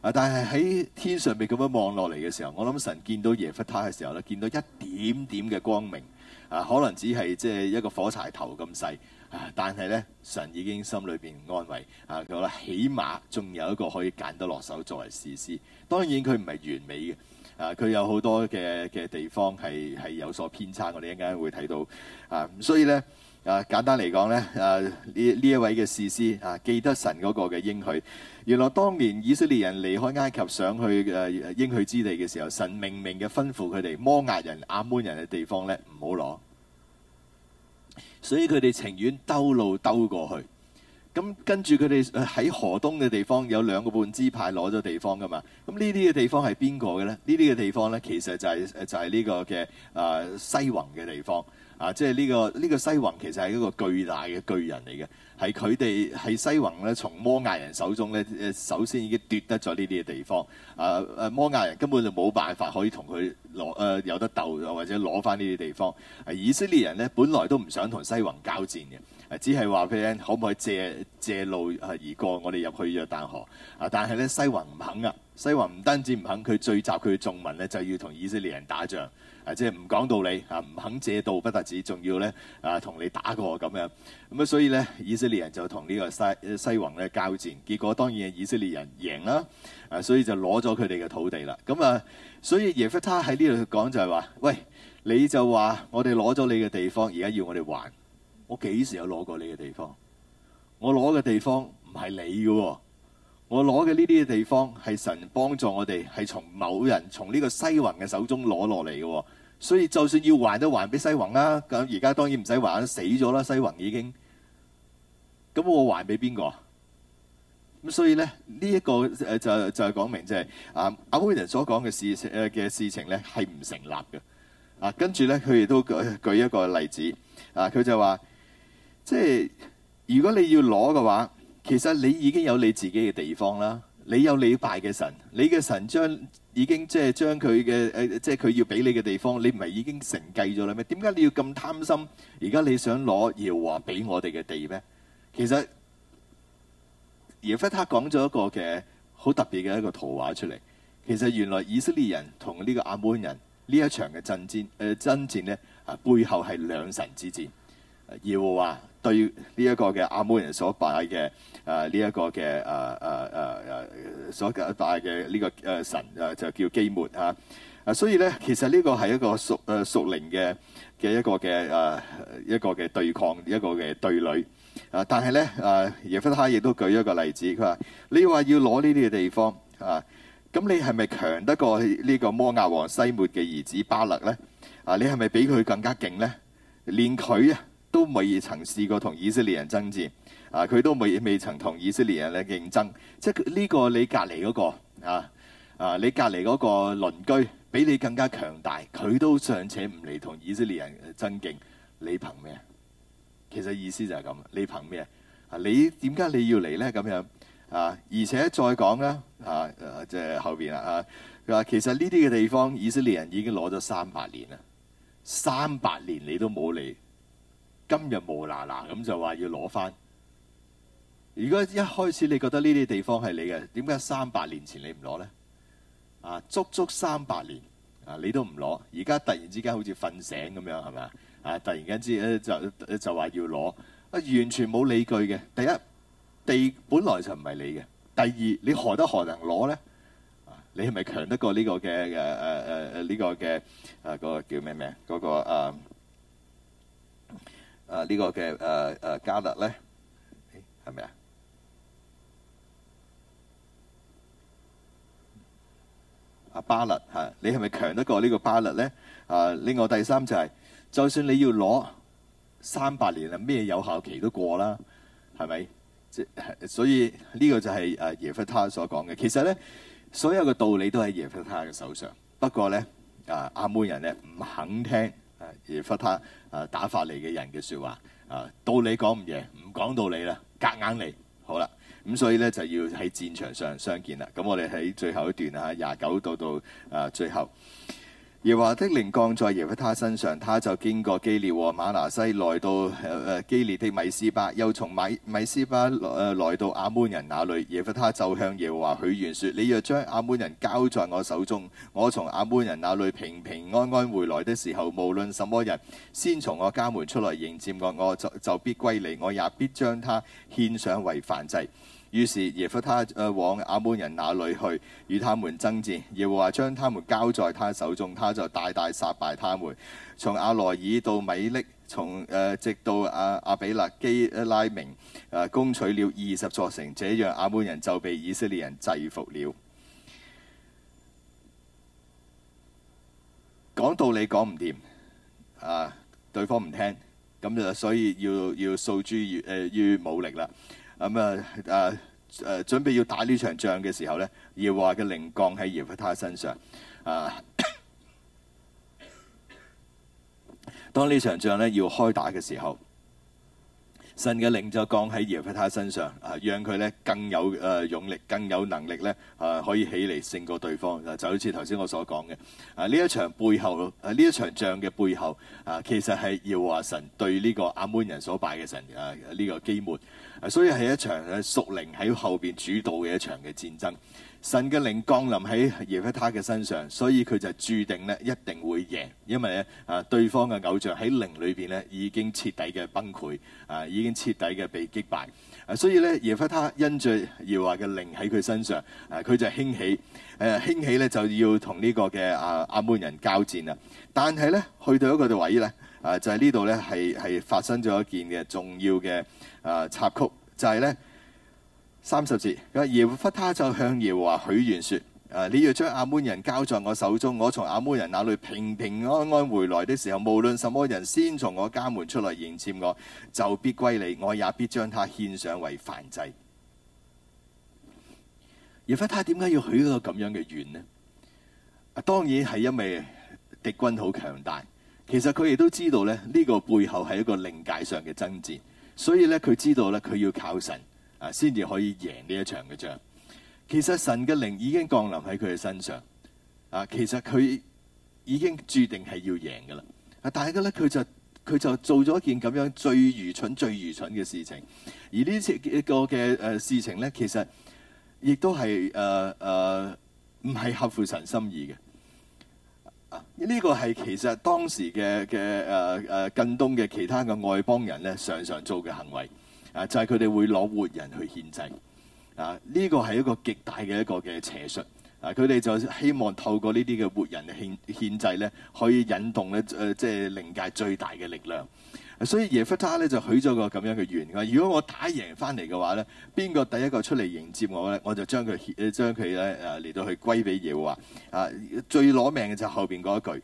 啊！但係喺天上面咁樣望落嚟嘅時候，我諗神見到耶弗他嘅時候呢見到一點點嘅光明，啊！可能只係即係一個火柴頭咁細，啊！但係呢，神已經心裏面安慰，啊！佢話：起碼仲有一個可以揀得落手作為試試。當然佢唔係完美嘅，啊！佢有好多嘅嘅地方係係有所偏差，我哋一陣間會睇到，啊！所以呢。啊，簡單嚟講咧，啊呢呢一位嘅士師啊，記得神嗰個嘅應許。原來當年以色列人離開埃及，上去誒應、啊、許之地嘅時候，神明明嘅吩咐佢哋摩押人、亞捫人嘅地方呢唔好攞。所以佢哋情願兜路兜過去。咁跟住佢哋喺河東嘅地方有兩個半支派攞咗地方㗎嘛？咁呢啲嘅地方係邊個嘅呢？呢啲嘅地方呢，其實就係、是、就係、是、呢個嘅啊西宏嘅地方。啊，即係呢、這個呢、這個西宏其實係一個巨大嘅巨人嚟嘅，係佢哋係西宏咧從摩亞人手中咧，首先已經奪得咗呢啲嘅地方。啊，摩亞人根本就冇辦法可以同佢攞有得鬥，或者攞翻呢啲地方、啊。以色列人咧本來都唔想同西宏交戰嘅、啊，只係話佢你可唔可以借借路而過？我哋入去約旦河。啊，但係咧西宏唔肯啊，西宏唔單止唔肯，佢聚集佢眾民咧就要同以色列人打仗。即係唔講道理，嚇、啊、唔肯借道，不特止，仲要咧啊同你打過咁樣。咁啊，所以咧以色列人就同呢個西西宏咧交戰，結果當然係以色列人贏啦。啊，所以就攞咗佢哋嘅土地啦。咁啊，所以耶弗他喺呢度講就係話：喂，你就話我哋攞咗你嘅地方，而家要我哋還？我幾時有攞過你嘅地方？我攞嘅地方唔係你嘅喎、哦。我攞嘅呢啲嘅地方係神幫助我哋，係從某人從呢個西宏嘅手中攞落嚟嘅喎。所以就算要還都還俾西宏啦、啊，咁而家當然唔使還，死咗啦西宏已經。咁我還俾邊個？咁所以咧呢一、呢個誒就就係講明就係亞亞捫人所講嘅事情誒嘅事情咧係唔成立嘅。啊，跟住咧佢亦都舉舉一個例子，啊，佢就話，即係如果你要攞嘅話，其實你已經有你自己嘅地方啦。你有你拜嘅神，你嘅神將已經即係將佢嘅誒，即係佢要畀你嘅地方，你唔係已經承繼咗啦咩？點解你要咁貪心？而家你想攞耶和華畀我哋嘅地咩？其實耶弗他講咗一個嘅好特別嘅一個圖畫出嚟。其實原來以色列人同呢個亞摩利人呢一場嘅陣戰誒爭、呃、戰咧啊，背後係兩神之戰，耶和華對呢一個嘅亞捫人所拜嘅誒呢一個嘅誒誒誒誒所拜嘅呢、這個誒、啊、神誒、啊、就叫基抹。啊啊所以咧其實呢個係一個屬誒、啊、屬靈嘅嘅一個嘅誒、啊、一個嘅對抗一個嘅對壘啊，但係咧誒耶弗他亦都舉一個例子，佢話你話要攞呢啲嘅地方啊，咁你係咪強得過呢個摩押王西末嘅兒子巴勒咧？啊，你係咪比佢更加勁咧？連佢啊！都未嘢曾試過同以色列人爭戰，啊！佢都未未曾同以色列人咧競爭，即係呢個你隔離嗰個啊啊！你隔離嗰個鄰居比你更加強大，佢都尚且唔嚟同以色列人爭競，你憑咩？其實意思就係咁，你憑咩？啊！你點解你要嚟呢？咁樣啊！而且再講咧啊，即、呃、係、呃、後邊啦啊！佢話其實呢啲嘅地方以色列人已經攞咗三百年啦，三百年你都冇嚟。今日無啦啦咁就話要攞翻。如果一開始你覺得呢啲地方係你嘅，點解三百年前你唔攞呢？啊，足足三百年啊，你都唔攞，而家突然之間好似瞓醒咁樣係咪啊？突然間之就就話要攞啊，完全冇理據嘅。第一，地本來就唔係你嘅；第二，你何得何能攞呢？你係咪強得過呢個嘅誒誒誒呢個嘅啊、嗰個叫咩咩嗰個、啊誒呢個嘅誒誒加勒咧，係咪啊？阿巴勒嚇，你係咪強得過呢個巴勒咧？啊，另外第三就係，就算你要攞三百年啊，咩有效期都過啦，係咪？即係所以呢個就係誒耶弗他所講嘅。其實咧，所有嘅道理都喺耶弗他嘅手上，不過咧，啊亞捫人咧唔肯聽。而弗他啊打發嚟嘅人嘅説話啊，道理講唔贏，唔講道理啦，隔硬嚟好啦，咁所以咧就要喺戰場上相見啦。咁我哋喺最後一段啊廿九到到啊最後。耶和華的靈降在耶弗他身上，他就經過基列和馬拿西，來到誒誒、啊、基列的米斯巴，又從米米斯巴來、啊、來到亞捫人那裏。耶弗他就向耶和華許願說：你若將亞捫人交在我手中，我從亞捫人那裏平平安安回來的時候，無論什麼人先從我家門出來迎接我，我就就必歸你，我也必將他獻上為燔祭。於是耶弗他往亞捫人那裏去，與他們爭戰。耶和華將他們交在他手中，他就大大殺敗他們。從亞羅珥到米勒，從、呃、直到阿、呃、亞備勒基拉明、呃，攻取了二十座城。這樣亞捫人就被以色列人制服了。講道理講唔掂啊，對方唔聽，咁就所以要要訴諸於、呃、於武力啦。咁、嗯、啊，誒、啊、誒，準備要打呢場仗嘅時候咧，耶和華嘅靈降喺耶弗他身上，啊，當呢場仗咧要開打嘅時候。神嘅靈就降喺耶弗他身上，啊，讓佢咧更有誒勇力，更有能力咧啊，可以起嚟勝過對方。就好似頭先我所講嘅，啊呢一場背後，啊呢一場仗嘅背後，啊其實係耶和華神對呢個亞捫人所拜嘅神啊呢個基抹，啊所以係一場誒屬靈喺後邊主導嘅一場嘅戰爭。神嘅靈降臨喺耶弗他嘅身上，所以佢就注定咧一定會贏，因為咧啊對方嘅偶像喺靈裏邊咧已經徹底嘅崩潰啊，已經徹底嘅被擊敗啊，所以咧耶弗他因着耶和華嘅靈喺佢身上啊，佢就興起誒、啊，興起咧就要同呢個嘅啊亞捫人交戰啦。但係咧去到一個位咧啊，就喺、是、呢度咧係係發生咗一件嘅重要嘅啊插曲，就係、是、咧。三十字，耶弗他就向耶和華許願說：啊，你要將亞捫人交在我手中，我從亞捫人那裏平平安安回來的時候，無論什麼人先從我家門出來迎接我，就必歸你，我也必將他獻上為燔祭。耶弗他點解要許一個咁樣嘅願呢？啊，當然係因為敵軍好強大。其實佢亦都知道咧，呢個背後係一個靈界上嘅爭戰，所以呢，佢知道呢，佢要靠神。啊，先至可以贏呢一場嘅仗。其實神嘅靈已經降臨喺佢嘅身上。啊，其實佢已經注定係要贏㗎喇。啊，但係咧，佢就佢就做咗一件咁樣最愚蠢、最愚蠢嘅事情。而呢次嘅個嘅誒事情咧，其實亦都係誒誒唔係合乎神心意嘅。呢個係其實當時嘅嘅誒誒近東嘅其他嘅外邦人咧，常常做嘅行為。啊！就係佢哋會攞活人去獻祭，啊！呢個係一個極大嘅一個嘅邪術。啊！佢哋就希望透過呢啲嘅活人獻獻祭咧，可以引動咧誒，即、呃、係、即係、靈界最大嘅力量。所以耶弗他咧就許咗個咁樣嘅願，佢話：如果我打贏翻嚟嘅話咧，邊個第一個出嚟迎接我咧，我就將佢將佢咧誒嚟到去歸俾耶和華。啊！最攞命嘅就係後邊嗰一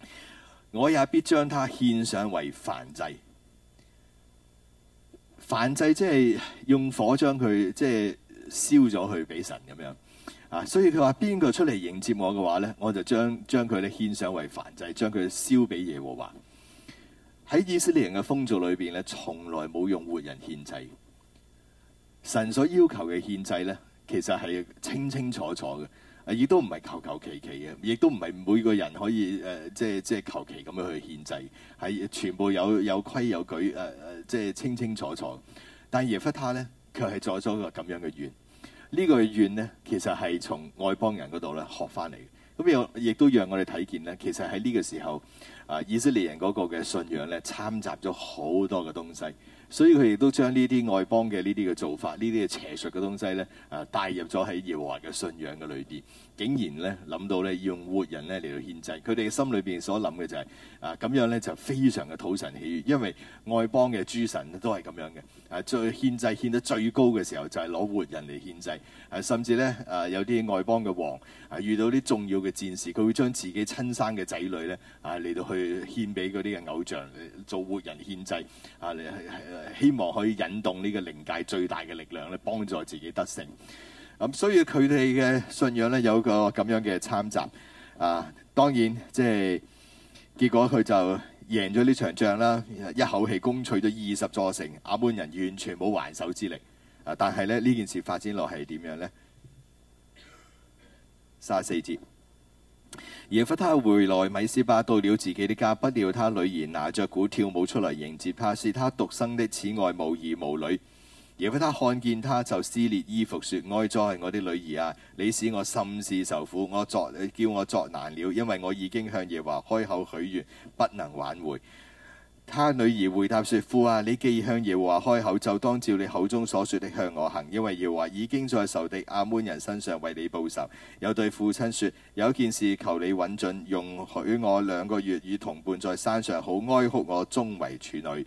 句：我也必將他獻上為燔祭。燔祭即係用火將佢即係燒咗去俾神咁樣，啊，所以佢話邊個出嚟迎接我嘅話咧，我就將將佢咧獻上為燔祭，將佢燒俾耶和華。喺以色列人嘅風俗裏邊咧，從來冇用活人獻祭。神所要求嘅獻祭咧，其實係清清楚楚嘅。亦都唔係求求其其嘅，亦都唔係每個人可以、呃、即係即係求其咁樣去獻祭。係全部有有規有矩、呃、即係清清楚楚。但耶弗他呢，卻係作咗個咁樣嘅願，呢、呢個願呢，其實係從外邦人嗰度咧學翻嚟。咁又亦都讓我哋睇見呢，其實喺呢個時候，啊、呃、以色列人嗰個嘅信仰咧，參雜咗好多嘅東西。所以佢亦都將呢啲外邦嘅呢啲嘅做法，呢啲嘅邪術嘅東西咧，啊帶入咗喺耶和華嘅信仰嘅裏邊。竟然咧諗到咧要用活人咧嚟到獻祭，佢哋嘅心裏邊所諗嘅就係、是、啊咁樣咧就非常嘅土神喜悅，因為外邦嘅諸神都係咁樣嘅，誒、啊、最獻祭獻得最高嘅時候就係、是、攞活人嚟獻祭，誒、啊、甚至咧誒、啊、有啲外邦嘅王啊遇到啲重要嘅戰事，佢會將自己親生嘅仔女咧啊嚟到去獻俾嗰啲嘅偶像做活人獻祭，啊嚟係希望可以引動呢個靈界最大嘅力量咧幫助自己得勝。咁、嗯、所以佢哋嘅信仰呢，有個咁樣嘅參雜，啊當然即係結果佢就贏咗呢場仗啦，一口氣攻取咗二十座城，亞捫人完全冇還手之力。啊，但係咧呢件事發展落係點樣呢？三十四節，耶 弗他回來米斯巴到了自己的家，不料他女兒拿着鼓跳舞出來迎接他，是他獨生的，此外無兒無女。耶弗他看見他就撕裂衣服說，說，哀哉我的女兒啊，你使我甚是受苦，我作你叫我作難了，因為我已經向耶和華開口許願，不能挽回。他女兒回答說：父啊，你既向耶和華開口，就當照你口中所說的向我行，因為耶和華已經在仇敵亞捫人身上為你報仇。又對父親說：有一件事求你允准，容許我兩個月與同伴在山上，好哀哭我終為處女。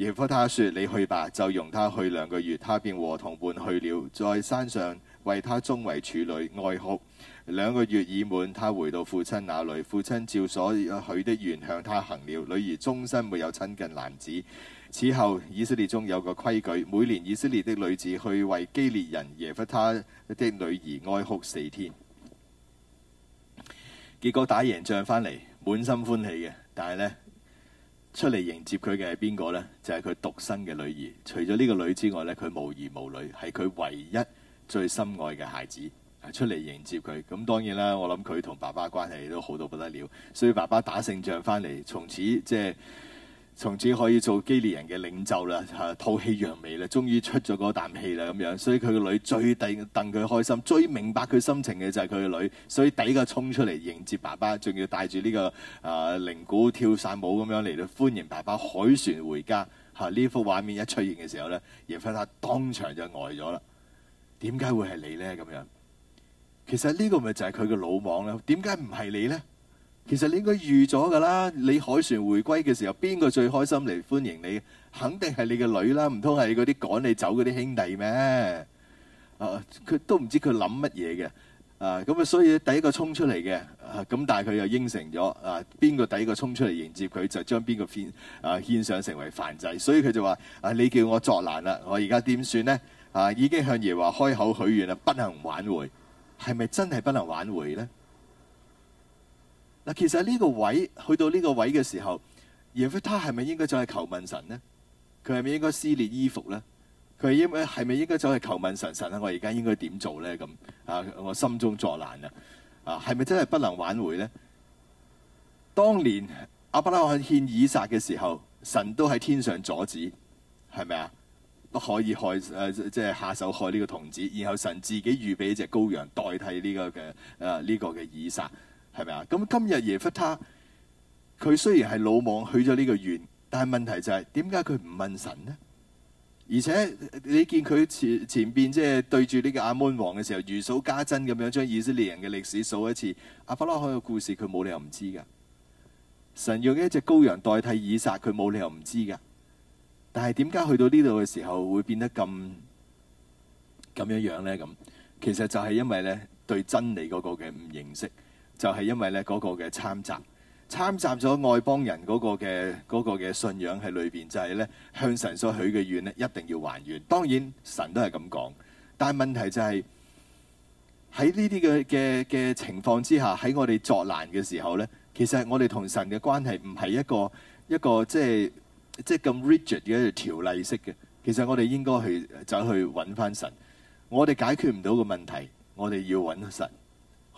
耶夫他說，你去吧，就容他去兩個月，他便和同伴去了，在山上為他終為處女哀哭。兩個月已滿，他回到父親那裏，父親照所許的願向他行了，女兒終身沒有親近男子。此後以色列中有個規矩，每年以色列的女子去為基列人耶夫他的女兒哀哭四天，結果打贏仗翻嚟滿心歡喜嘅，但係呢。出嚟迎接佢嘅係邊個呢？就係佢獨生嘅女兒。除咗呢個女兒之外呢，佢無兒無女，係佢唯一最心愛嘅孩子。出嚟迎接佢。咁當然啦，我諗佢同爸爸關係都好到不得了。所以爸爸打勝仗翻嚟，從此即係，就是從此可以做基列人嘅領袖啦，嚇，吐氣揚眉啦，終於出咗嗰啖氣啦咁樣。所以佢嘅女最第戥佢開心，最明白佢心情嘅就係佢嘅女。所以第一個衝出嚟迎接爸爸，仲要帶住呢、呢個啊靈鼓跳散舞咁樣嚟到歡迎爸爸凱旋回家。嚇，呢幅畫面一出現嘅時候呢，耶弗他當場就呆咗啦。點解會係你呢？咁樣其實呢個咪就係佢嘅魯莽咯。點解唔係你呢？其實你應該預咗㗎啦，你凱旋回歸嘅時候，邊個最開心嚟歡迎你？肯定係你嘅女啦，唔通係嗰啲趕你走嗰啲兄弟咩？啊，佢都唔知佢諗乜嘢嘅啊！咁啊，所以第一個衝出嚟嘅，咁但係佢又應承咗啊，邊個、啊、第一個衝出嚟迎接佢，就將邊個、啊、獻啊獻上成為燔祭。所以佢就話：啊，你叫我作難啦，我而家點算呢？啊，已經向耶和華開口許願啦，不能挽回，係咪真係不能挽回呢？嗱，其實呢個位去到呢個位嘅時候，耶弗他係咪應該走去求問神呢？佢係咪應該撕裂衣服呢？佢係應係咪應該走去求問神？神啊，我而家應該點做呢？咁啊，我心中作難啊！啊，係咪真係不能挽回呢？當年亞伯拉罕獻以撒嘅時候，神都喺天上阻止，係咪啊？不可以害誒，即、啊、係、就是、下手害呢個童子，然後神自己預備一隻羔羊代替呢、呢個嘅誒呢個嘅以撒。係咪啊？咁今日耶弗他，佢雖然係魯莽許咗呢個願，但係問題就係點解佢唔問神呢？而且你見佢前前邊即係對住呢個阿門王嘅時候，如數家珍咁樣將以色列人嘅歷史數一次，阿法羅海嘅故事佢冇理由唔知噶。神用一隻羔羊代替以撒，佢冇理由唔知噶。但係點解去到呢度嘅時候會變得咁咁樣樣呢？咁其實就係因為咧對真理嗰個嘅唔認識。就係、是、因為咧嗰、那個嘅參雜，參雜咗外邦人嗰個嘅嗰嘅信仰喺裏邊，就係、是、咧向神所許嘅願咧一定要還願。當然神都係咁講，但係問題就係喺呢啲嘅嘅嘅情況之下，喺我哋作難嘅時候咧，其實我哋同神嘅關係唔係一個一個即係即係咁 rigid 嘅一條例式嘅。其實我哋應該去走去揾返神。我哋解決唔到嘅問題，我哋要揾神。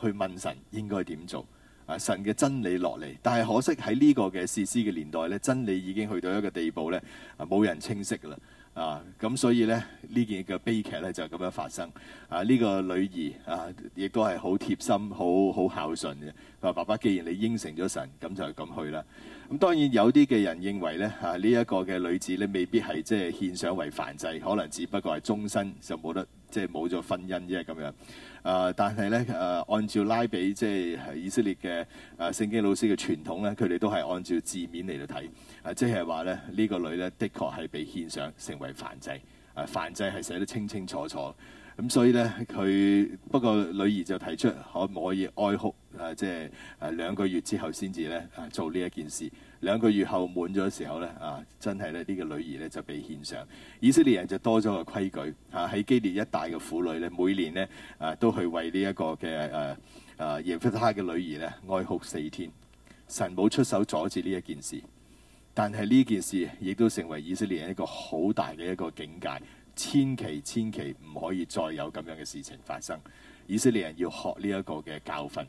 去問神應該點做啊？神嘅真理落嚟，但係可惜喺呢個嘅士師嘅年代咧，真理已經去到一個地步咧，冇、啊、人清晰啦啊！咁所以咧呢這件嘅悲劇咧就咁樣發生啊！呢、這個女兒啊，亦都係好貼心、好好孝順嘅。佢話：爸爸，既然你應承咗神，咁就係咁去啦。咁、啊、當然有啲嘅人認為咧啊，呢、這、一個嘅女子咧未必係即係獻上為燔祭，可能只不過係終身就冇得。即係冇咗婚姻啫咁樣啊！但係咧啊，按照拉比即係以色列嘅啊聖經老師嘅傳統咧，佢哋都係按照字面嚟到睇啊，即係話咧呢、呢個女咧的確係被獻上成為燔祭啊，燔祭係寫得清清楚楚。咁所以呢，佢不過女兒就提出可唔可以哀哭啊？即係啊兩個月之後先至咧啊做呢一件事。兩個月後滿咗時候咧啊，真係咧呢個女兒咧就被獻上。以色列人就多咗個規矩啊！喺基列一帶嘅婦女咧，每年呢啊都去為呢、這、一個嘅誒誒耶弗他嘅女兒咧哀哭四天。神冇出手阻止呢一件事，但係呢件事亦都成為以色列人一個好大嘅一個境界。千祈千祈唔可以再有咁樣嘅事情發生。以色列人要學呢一個嘅教訓，呢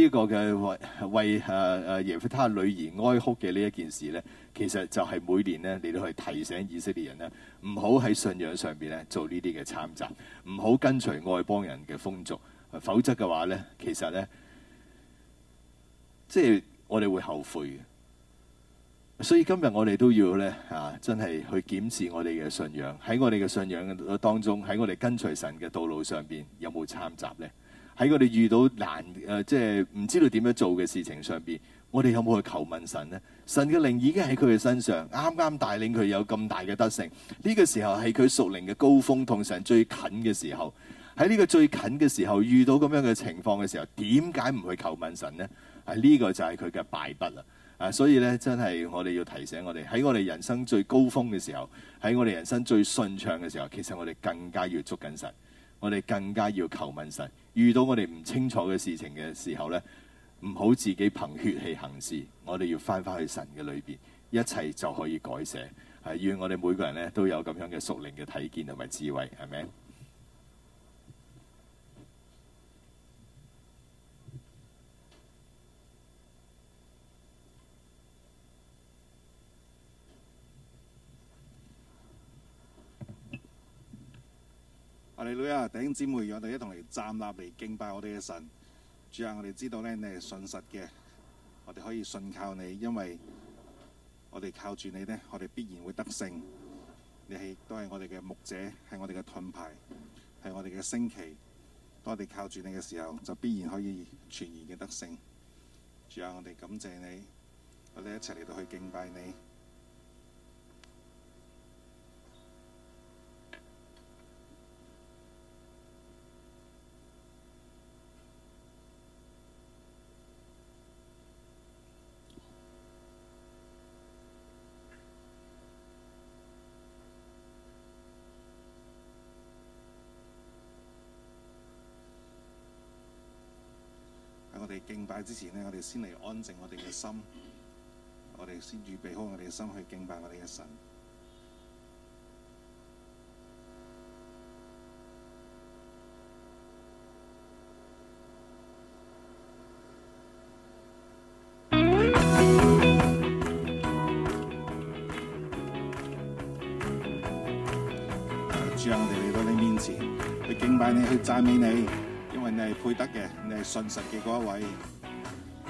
一個嘅為為啊啊耶夫他女兒哀哭嘅呢一件事呢，其實就係每年呢，你都可以提醒以色列人呢，唔好喺信仰上邊呢做呢啲嘅參雜，唔好跟隨外邦人嘅風俗，否則嘅話呢，其實呢，即係我哋會後悔。所以今日我哋都要咧啊，真係去檢視我哋嘅信仰，喺我哋嘅信仰當中，喺我哋跟隨神嘅道路上邊，有冇參雜呢？喺我哋遇到難、呃、即係唔知道點樣做嘅事情上邊，我哋有冇去求問神呢？神嘅靈已經喺佢嘅身上，啱啱帶領佢有咁大嘅得勝。呢個時候係佢屬靈嘅高峰，同神最近嘅時候。喺呢個最近嘅時候，遇到咁樣嘅情況嘅時候，點解唔去求問神呢？啊，呢個就係佢嘅敗筆啦。啊！所以咧，真係我哋要提醒我哋，喺我哋人生最高峰嘅時候，喺我哋人生最順暢嘅時候，其實我哋更加要捉緊神，我哋更加要求問神。遇到我哋唔清楚嘅事情嘅時候咧，唔好自己憑血氣行事，我哋要翻返去神嘅裏面，一切就可以改寫。係、啊、願我哋每個人咧都有咁樣嘅屬靈嘅睇見同埋智慧，係咪？阿女啊，弟兄姊妹，讓我哋一同嚟，站立嚟敬拜我哋嘅神。主啊，我哋知道咧，你係信實嘅，我哋可以信靠你，因為我哋靠住你咧，我哋必然會得勝。你係都係我哋嘅牧者，係我哋嘅盾牌，係我哋嘅升旗。當我哋靠住你嘅時候，就必然可以全然嘅得勝。主啊，我哋感謝你，我哋一齊嚟到去敬拜你。拜之前咧，我哋先嚟安靜我哋嘅心，我哋先預備好我哋嘅心去敬拜我哋嘅神。主，我哋嚟到你面前，去敬拜你，去讚美你，因為你係配得嘅，你係信實嘅嗰一位。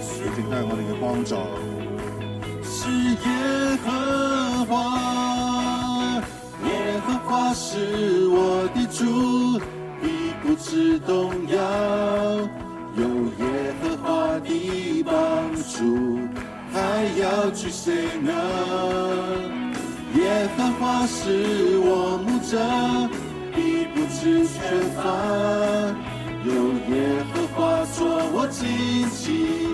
請帶我哋嘅幫助。是耶和華，耶和華是我的主，必不致動搖。有耶和華的幫助，還要懼誰呢？耶和華是我牧者，必不致缺乏。有耶和華作我根基。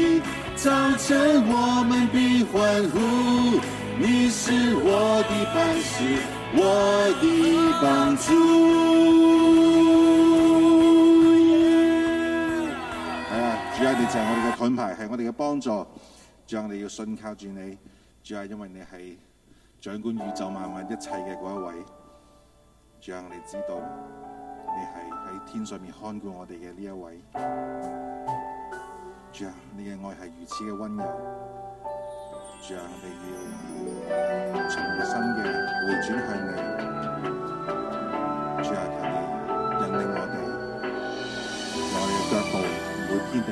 早晨，我們必歡呼，你是我的磐石，我的幫助、yeah。係、yeah、啊，主要你就係我哋嘅盾牌，係我哋嘅幫助。主要你要信靠住你。主啊，因為你係掌管宇宙萬物一切嘅嗰一位。主你知道你係喺天上面看顧我哋嘅呢一位。主啊！你嘅愛是如此嘅溫柔，主啊！我哋要重新嘅回轉向你，主啊！你引領我哋讓我哋嘅腳步不會偏離。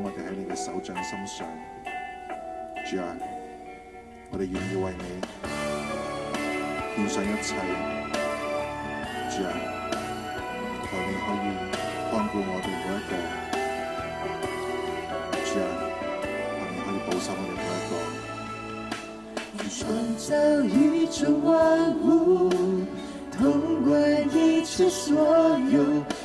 我哋喺你嘅手掌心上，主啊，我哋願意為你獻上一切，主啊，求你可以幫助我哋每一個，主啊，求你可以保守我哋每一個。創造宇宙萬物，統管一切所有。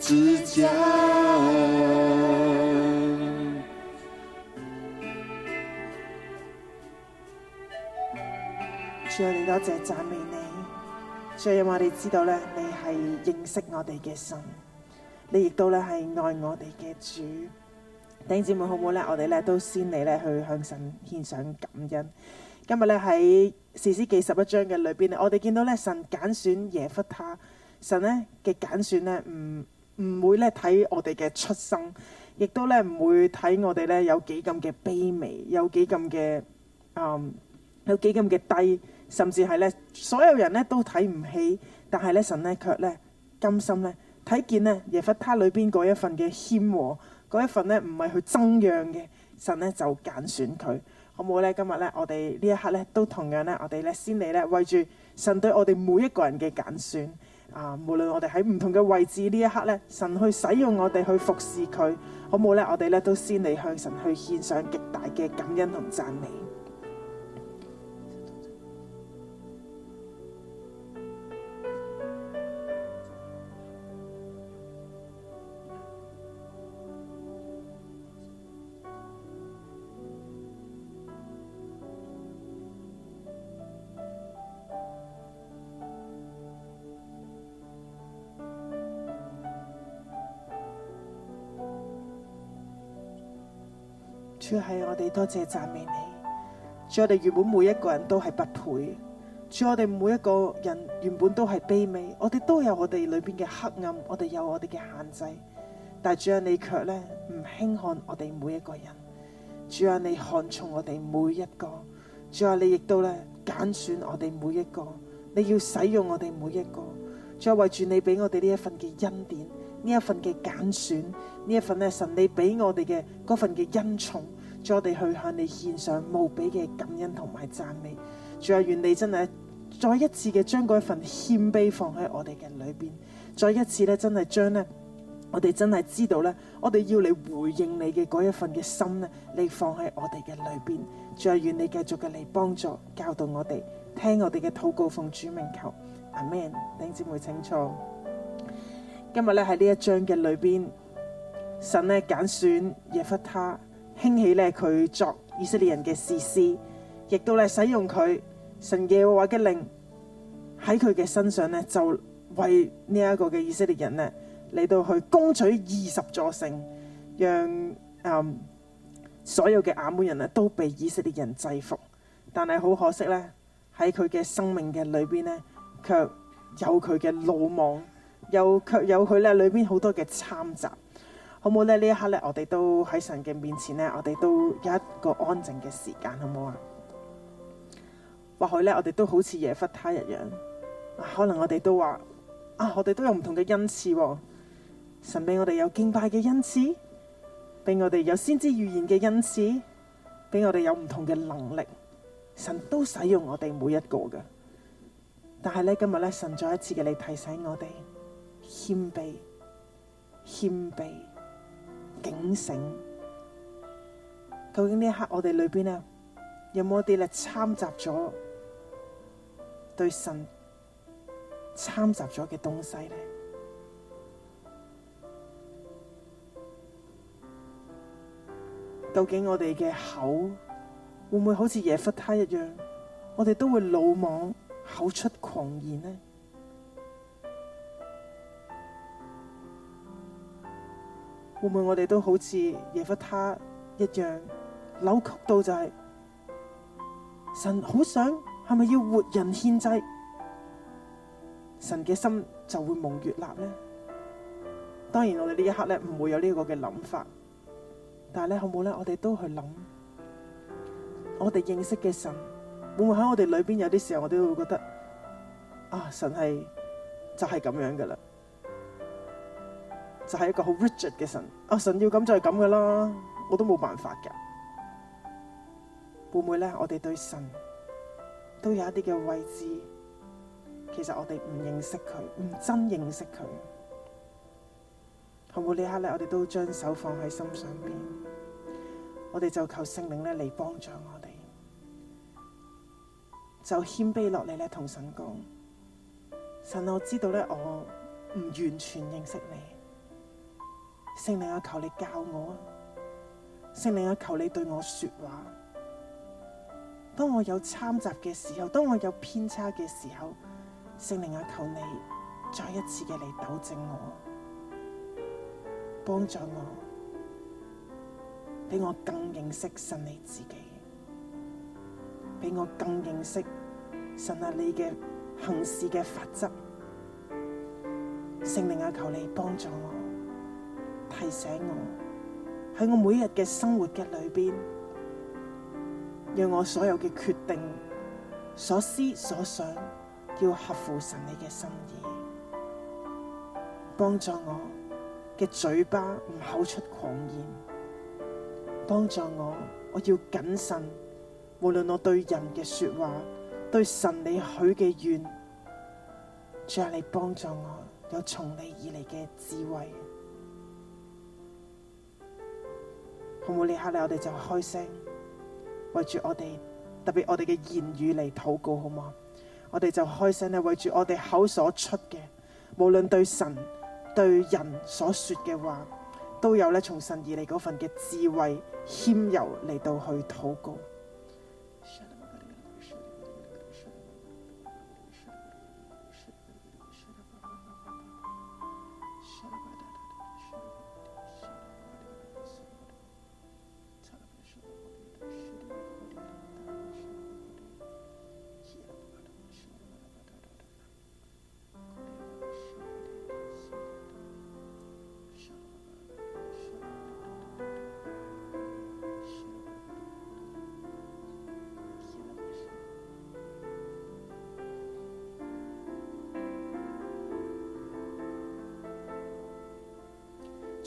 自家主，我哋多謝讚美你，所以我哋知道咧，你係認識我哋嘅神，你亦都咧係愛我哋嘅主。弟兄姊妹好唔好咧？我哋咧都先嚟咧去向神獻上感恩。今日咧喺士師記十一章嘅裏邊我哋見到咧神揀選耶弗他，神呢嘅揀選呢。唔。唔會咧睇我哋嘅出生，亦都咧唔會睇我哋咧有幾咁嘅卑微，有幾咁嘅嗯，有幾咁嘅低，甚至係咧所有人咧都睇唔起，但係咧神咧卻咧甘心咧睇見咧耶弗他裏邊嗰一份嘅謙和，嗰一份咧唔係去爭讓嘅，神咧就揀選佢，好冇咧？今日咧我哋呢一刻咧都同樣咧我哋咧先嚟咧為住神對我哋每一個人嘅揀選。啊！無論我哋喺唔同嘅位置呢一刻咧，神去使用我哋去服侍佢，好冇咧？我哋咧都先嚟向神去獻上極大嘅感恩同讚美。主係我哋多謝讚美你，主，我哋原本每一個人都係不配，主，我哋每一個人原本都係卑微，我哋都有我哋裏面嘅黑暗，我哋有我哋嘅限制，但係主啊，你卻咧唔輕看我哋每一個人，主啊，你看重我哋每一個，主啊，你亦都咧揀選我哋每一個，你要使用我哋每一個，再為住你俾我哋呢一份嘅恩典，呢一份嘅揀選，呢一份咧神你俾我哋嘅嗰份嘅恩寵。我哋去向你獻上無比嘅感恩同埋讚美，主啊，願你真係再一次嘅將嗰一份謙卑放喺我哋嘅裏邊，再一次咧，真係將咧我哋真係知道咧，我哋要你回應你嘅嗰一份嘅心咧，你放喺我哋嘅裏邊。主啊，願你繼續嘅嚟幫助教導我哋，聽我哋嘅禱告奉主名求，阿門，弟兄姊妹，請坐。今日咧喺呢一章嘅裏邊，神咧揀選耶弗他。興起呢，佢作以色列人嘅士師，亦都咧使用佢神嘅話嘅令喺佢嘅身上呢，就為呢一個嘅以色列人呢嚟到去攻取二十座城，讓、嗯、所有嘅亞捫人咧都被以色列人制服。但係好可惜呢，喺佢嘅生命嘅裏邊呢，卻有佢嘅魯莽，又卻有佢咧裏邊好多嘅參雜。好唔好呢？呢一刻呢，我哋都喺神嘅面前呢，我哋都有一個安靜嘅時間，好唔好啊？或許呢，我哋都好似耶弗他一樣，可能我哋都話啊，我哋都有唔同嘅恩賜，神俾我哋有敬拜嘅恩賜，俾我哋有先知預言嘅恩賜，俾我哋有唔同嘅能力，神都使用我哋每一個嘅。但係呢，今日呢，神再一次嘅嚟提醒我哋謙卑，謙卑。警醒！究竟呢一刻我哋裏邊咧，有冇啲咧摻雜咗對神摻雜咗嘅東西呢？究竟我哋嘅口會唔會好似耶弗他一樣？我哋都會魯莽，口出狂言呢？會唔會我哋都好似耶弗他一樣，扭曲到就係神好想，係咪要活人獻祭？神嘅心就會蒙悦納咧。當然我哋呢一刻咧唔會有呢個嘅諗法，但係咧好唔好咧我哋都去諗，我哋認識嘅神會唔會喺我哋裏邊，有啲時候我哋都會覺得，啊，神係就係咁樣噶啦。就係、是、一個好 rigid 嘅神，阿、哦、神要咁就係咁噶啦，我都冇辦法噶。會唔會咧？我哋對神都有一啲嘅位置，其實我哋唔認識佢，唔真認識佢。會唔會刻呢刻咧？我哋都將手放喺心上邊，我哋就求聖靈咧嚟幫助我哋，就謙卑落嚟咧同神講，神我知道咧我唔完全認識你。聖靈啊，求你教我啊！聖靈我求你對我說話。當我有參雜嘅時候，當我有偏差嘅時候，聖靈啊，求你再一次嘅嚟糾正我，幫助我，俾我更認識神你自己，俾我更認識神你嘅行事嘅法則。聖靈啊，求你幫助我。提醒我喺我每日嘅生活嘅裏邊，讓我所有嘅決定、所思所想要合乎神你嘅心意，幫助我嘅嘴巴唔口出狂言，幫助我我要謹慎，無論我對人嘅說話，對神你許嘅願，主啊，你幫助我有從你而嚟嘅智慧。好唔好？呢刻咧，我哋就開聲，為住我哋特別我哋嘅言語嚟禱告，好嘛？我哋就開聲咧，為住我哋口所出嘅，無論對神對人所說嘅話，都有咧從神而嚟嗰份嘅智慧謙柔嚟到去禱告。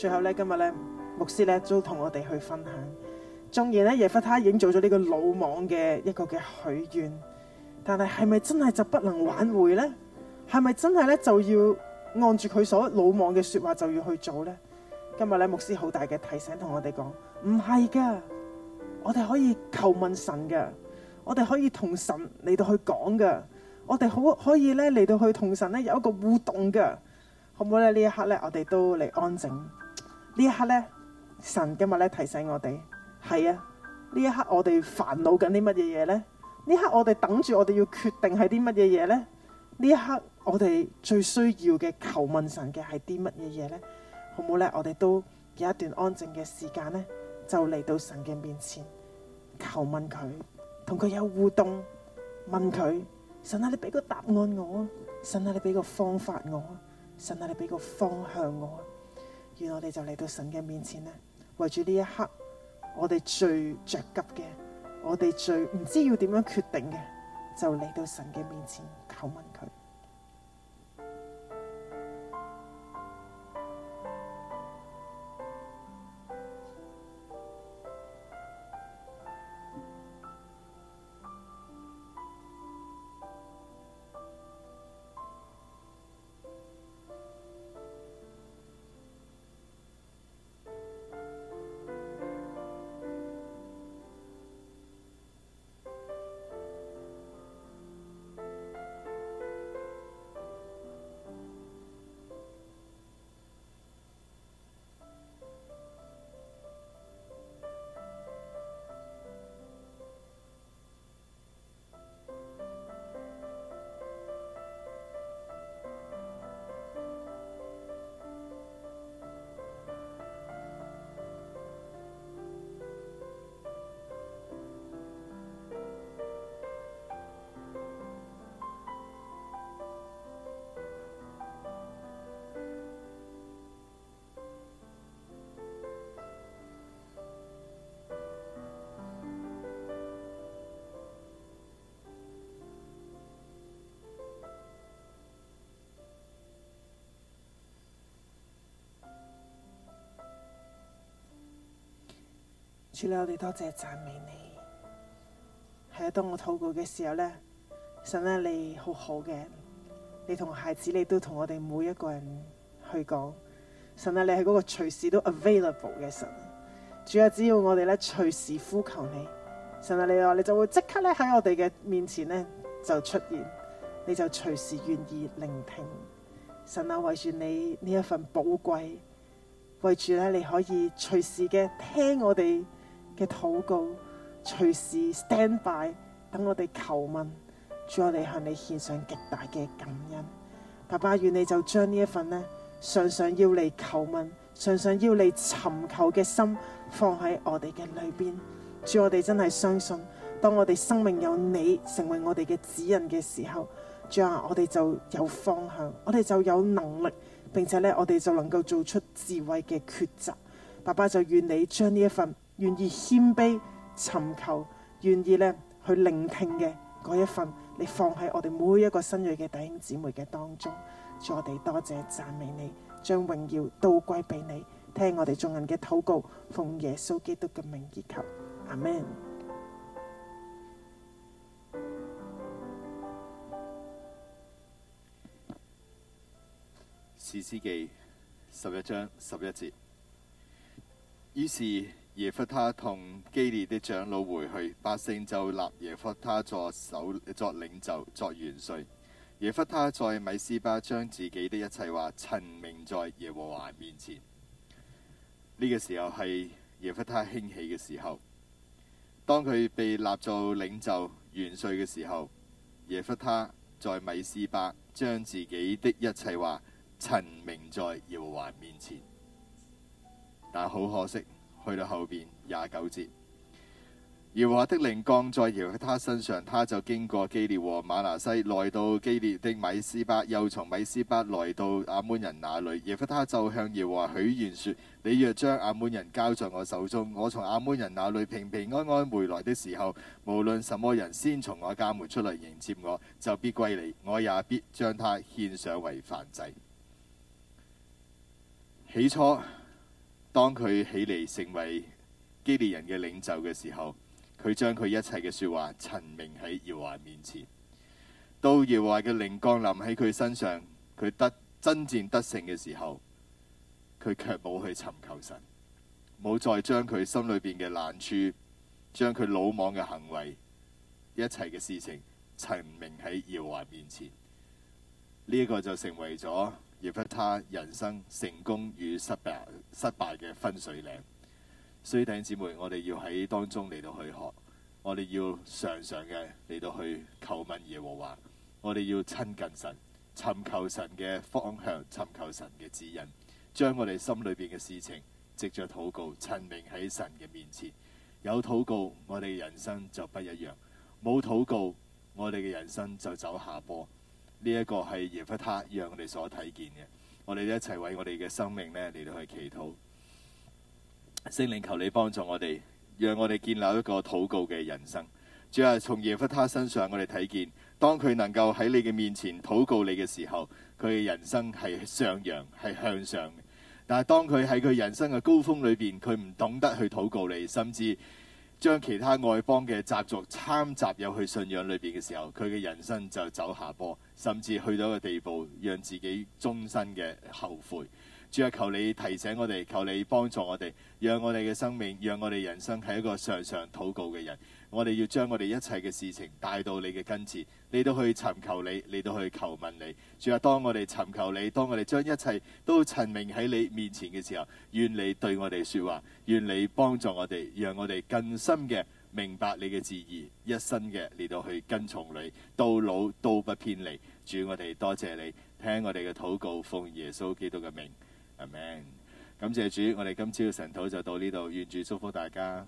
最後咧，今日咧，牧師咧都同我哋去分享。縱然咧，耶弗他已經做咗呢個魯莽嘅一個嘅許願，但係係咪真係就不能挽回呢？係咪真係咧就要按住佢所魯莽嘅說話就要去做呢？今日咧，牧師好大嘅提醒同我哋講，唔係噶，我哋可以求問神噶，我哋可以同神嚟到去講噶，我哋好可以咧嚟到去同神咧有一個互動噶，好唔好咧？呢一刻咧，我哋都嚟安靜。呢一刻咧，神今日咧提醒我哋，係啊，呢一刻我哋煩惱緊啲乜嘢嘢咧？呢一刻我哋等住我哋要決定係啲乜嘢嘢咧？呢一刻我哋最需要嘅求問神嘅係啲乜嘢嘢咧？好唔好咧？我哋都有一段安靜嘅時間咧，就嚟到神嘅面前，求問佢，同佢有互動，問佢，神啊，你俾個答案我啊，神啊，你俾個方法我啊，神啊，你俾個方向我啊。然後我哋就嚟到神嘅面前呢，為住呢一刻，我哋最着急嘅，我哋最唔知道要點樣決定嘅，就嚟到神嘅面前，求問佢。主啊，我哋多謝讚美你，喺當我禱告嘅時候咧，神啊你好好嘅，你同孩子你都同我哋每一個人去講，神啊你係嗰個隨時都 available 嘅神，主啊只要我哋咧隨時呼求你，神啊你啊你就會即刻咧喺我哋嘅面前咧就出現，你就隨時願意聆聽，神啊為住你呢一份寶貴，為住咧你可以隨時嘅聽我哋，嘅禱告隨時 stand by，等我哋求問，主我哋向你獻上極大嘅感恩。爸爸願你就將呢一份咧，常常要你求問、常常要你尋求嘅心放喺我哋嘅裏邊。主我哋真係相信，當我哋生命有你成為我哋嘅指引嘅時候，主啊，我哋就有方向，我哋就有能力，並且咧我哋就能夠做出智慧嘅抉擇。爸爸就願你將呢一份。願意謙卑尋求，願意咧去聆聽嘅嗰一份，你放喺我哋每一個新銳嘅弟兄姊妹嘅當中。主我哋多謝讚美你，將榮耀都歸畀你。聽我哋眾人嘅禱告，奉耶穌基督嘅名而求，阿門。士師記十一章十一節，於是。耶弗他同基列的長老回去，百姓就立耶弗他作首、作領袖、作元帥。耶弗他在米斯巴將自己的一切話陳明在耶和華面前。呢個時候係耶弗他興起嘅時候。當佢被立做領袖、元帥嘅時候，耶弗他在米斯巴將自己的一切話陳明在耶和華面前。但好可惜。去到後邊廿九節，耶和華的靈降在耶弗他身上，他就經過基列和瑪拿西，來到基列的米斯巴，又從米斯巴來到阿門人那裏。耶弗他就向耶和華許願說：你若將阿門人交在我手中，我從阿門人那裏平平安安回來的時候，無論什麼人先從我家門出來迎接我，就必歸你，我也必將他獻上為燔祭。起初。當佢起嚟成為基利人嘅領袖嘅時候，佢將佢一切嘅說話陳明喺耀華面前，到耀華嘅靈降臨喺佢身上，佢得真正得勝嘅時候，佢卻冇去尋求神，冇再將佢心裏邊嘅難處，將佢魯莽嘅行為，一切嘅事情陳明喺耀華面前，呢、這個就成為咗。亦不他人生成功與失敗失敗嘅分水嶺，所以弟兄姊妹，我哋要喺當中嚟到去學，我哋要常常嘅嚟到去求問耶和華，我哋要親近神，尋求神嘅方向，尋求神嘅指引，將我哋心裏邊嘅事情藉著禱告陳明喺神嘅面前。有禱告，我哋人生就不一樣；冇禱告，我哋嘅人生就走下坡。呢一個係耶弗他讓我哋所睇見嘅，我哋一齊為我哋嘅生命呢，嚟到去祈禱。聖靈，求你幫助我哋，讓我哋建立一個禱告嘅人生。主要係從耶弗他身上我哋睇見，當佢能夠喺你嘅面前禱告你嘅時候，佢嘅人生係上揚係向上嘅。但係當佢喺佢人生嘅高峰裏邊，佢唔懂得去禱告你，甚至，將其他外邦嘅習俗參雜入去信仰裏面嘅時候，佢嘅人生就走下坡，甚至去到一個地步，讓自己終身嘅後悔。主啊，求你提醒我哋，求你幫助我哋，讓我哋嘅生命，讓我哋人生係一個常常禱告嘅人。我哋要將我哋一切嘅事情帶到你嘅跟前。你都去尋求你，你都去求問你。主啊，當我哋尋求你，當我哋將一切都陳明喺你面前嘅時候，願你對我哋說話，願你幫助我哋，讓我哋更深嘅明白你嘅旨意，一生嘅你都去跟從你，到老都不偏離。主，我哋多謝你，聽我哋嘅禱告，奉耶穌基督嘅名，阿門。感謝主，我哋今朝嘅晨禱就到呢度，願主祝福大家。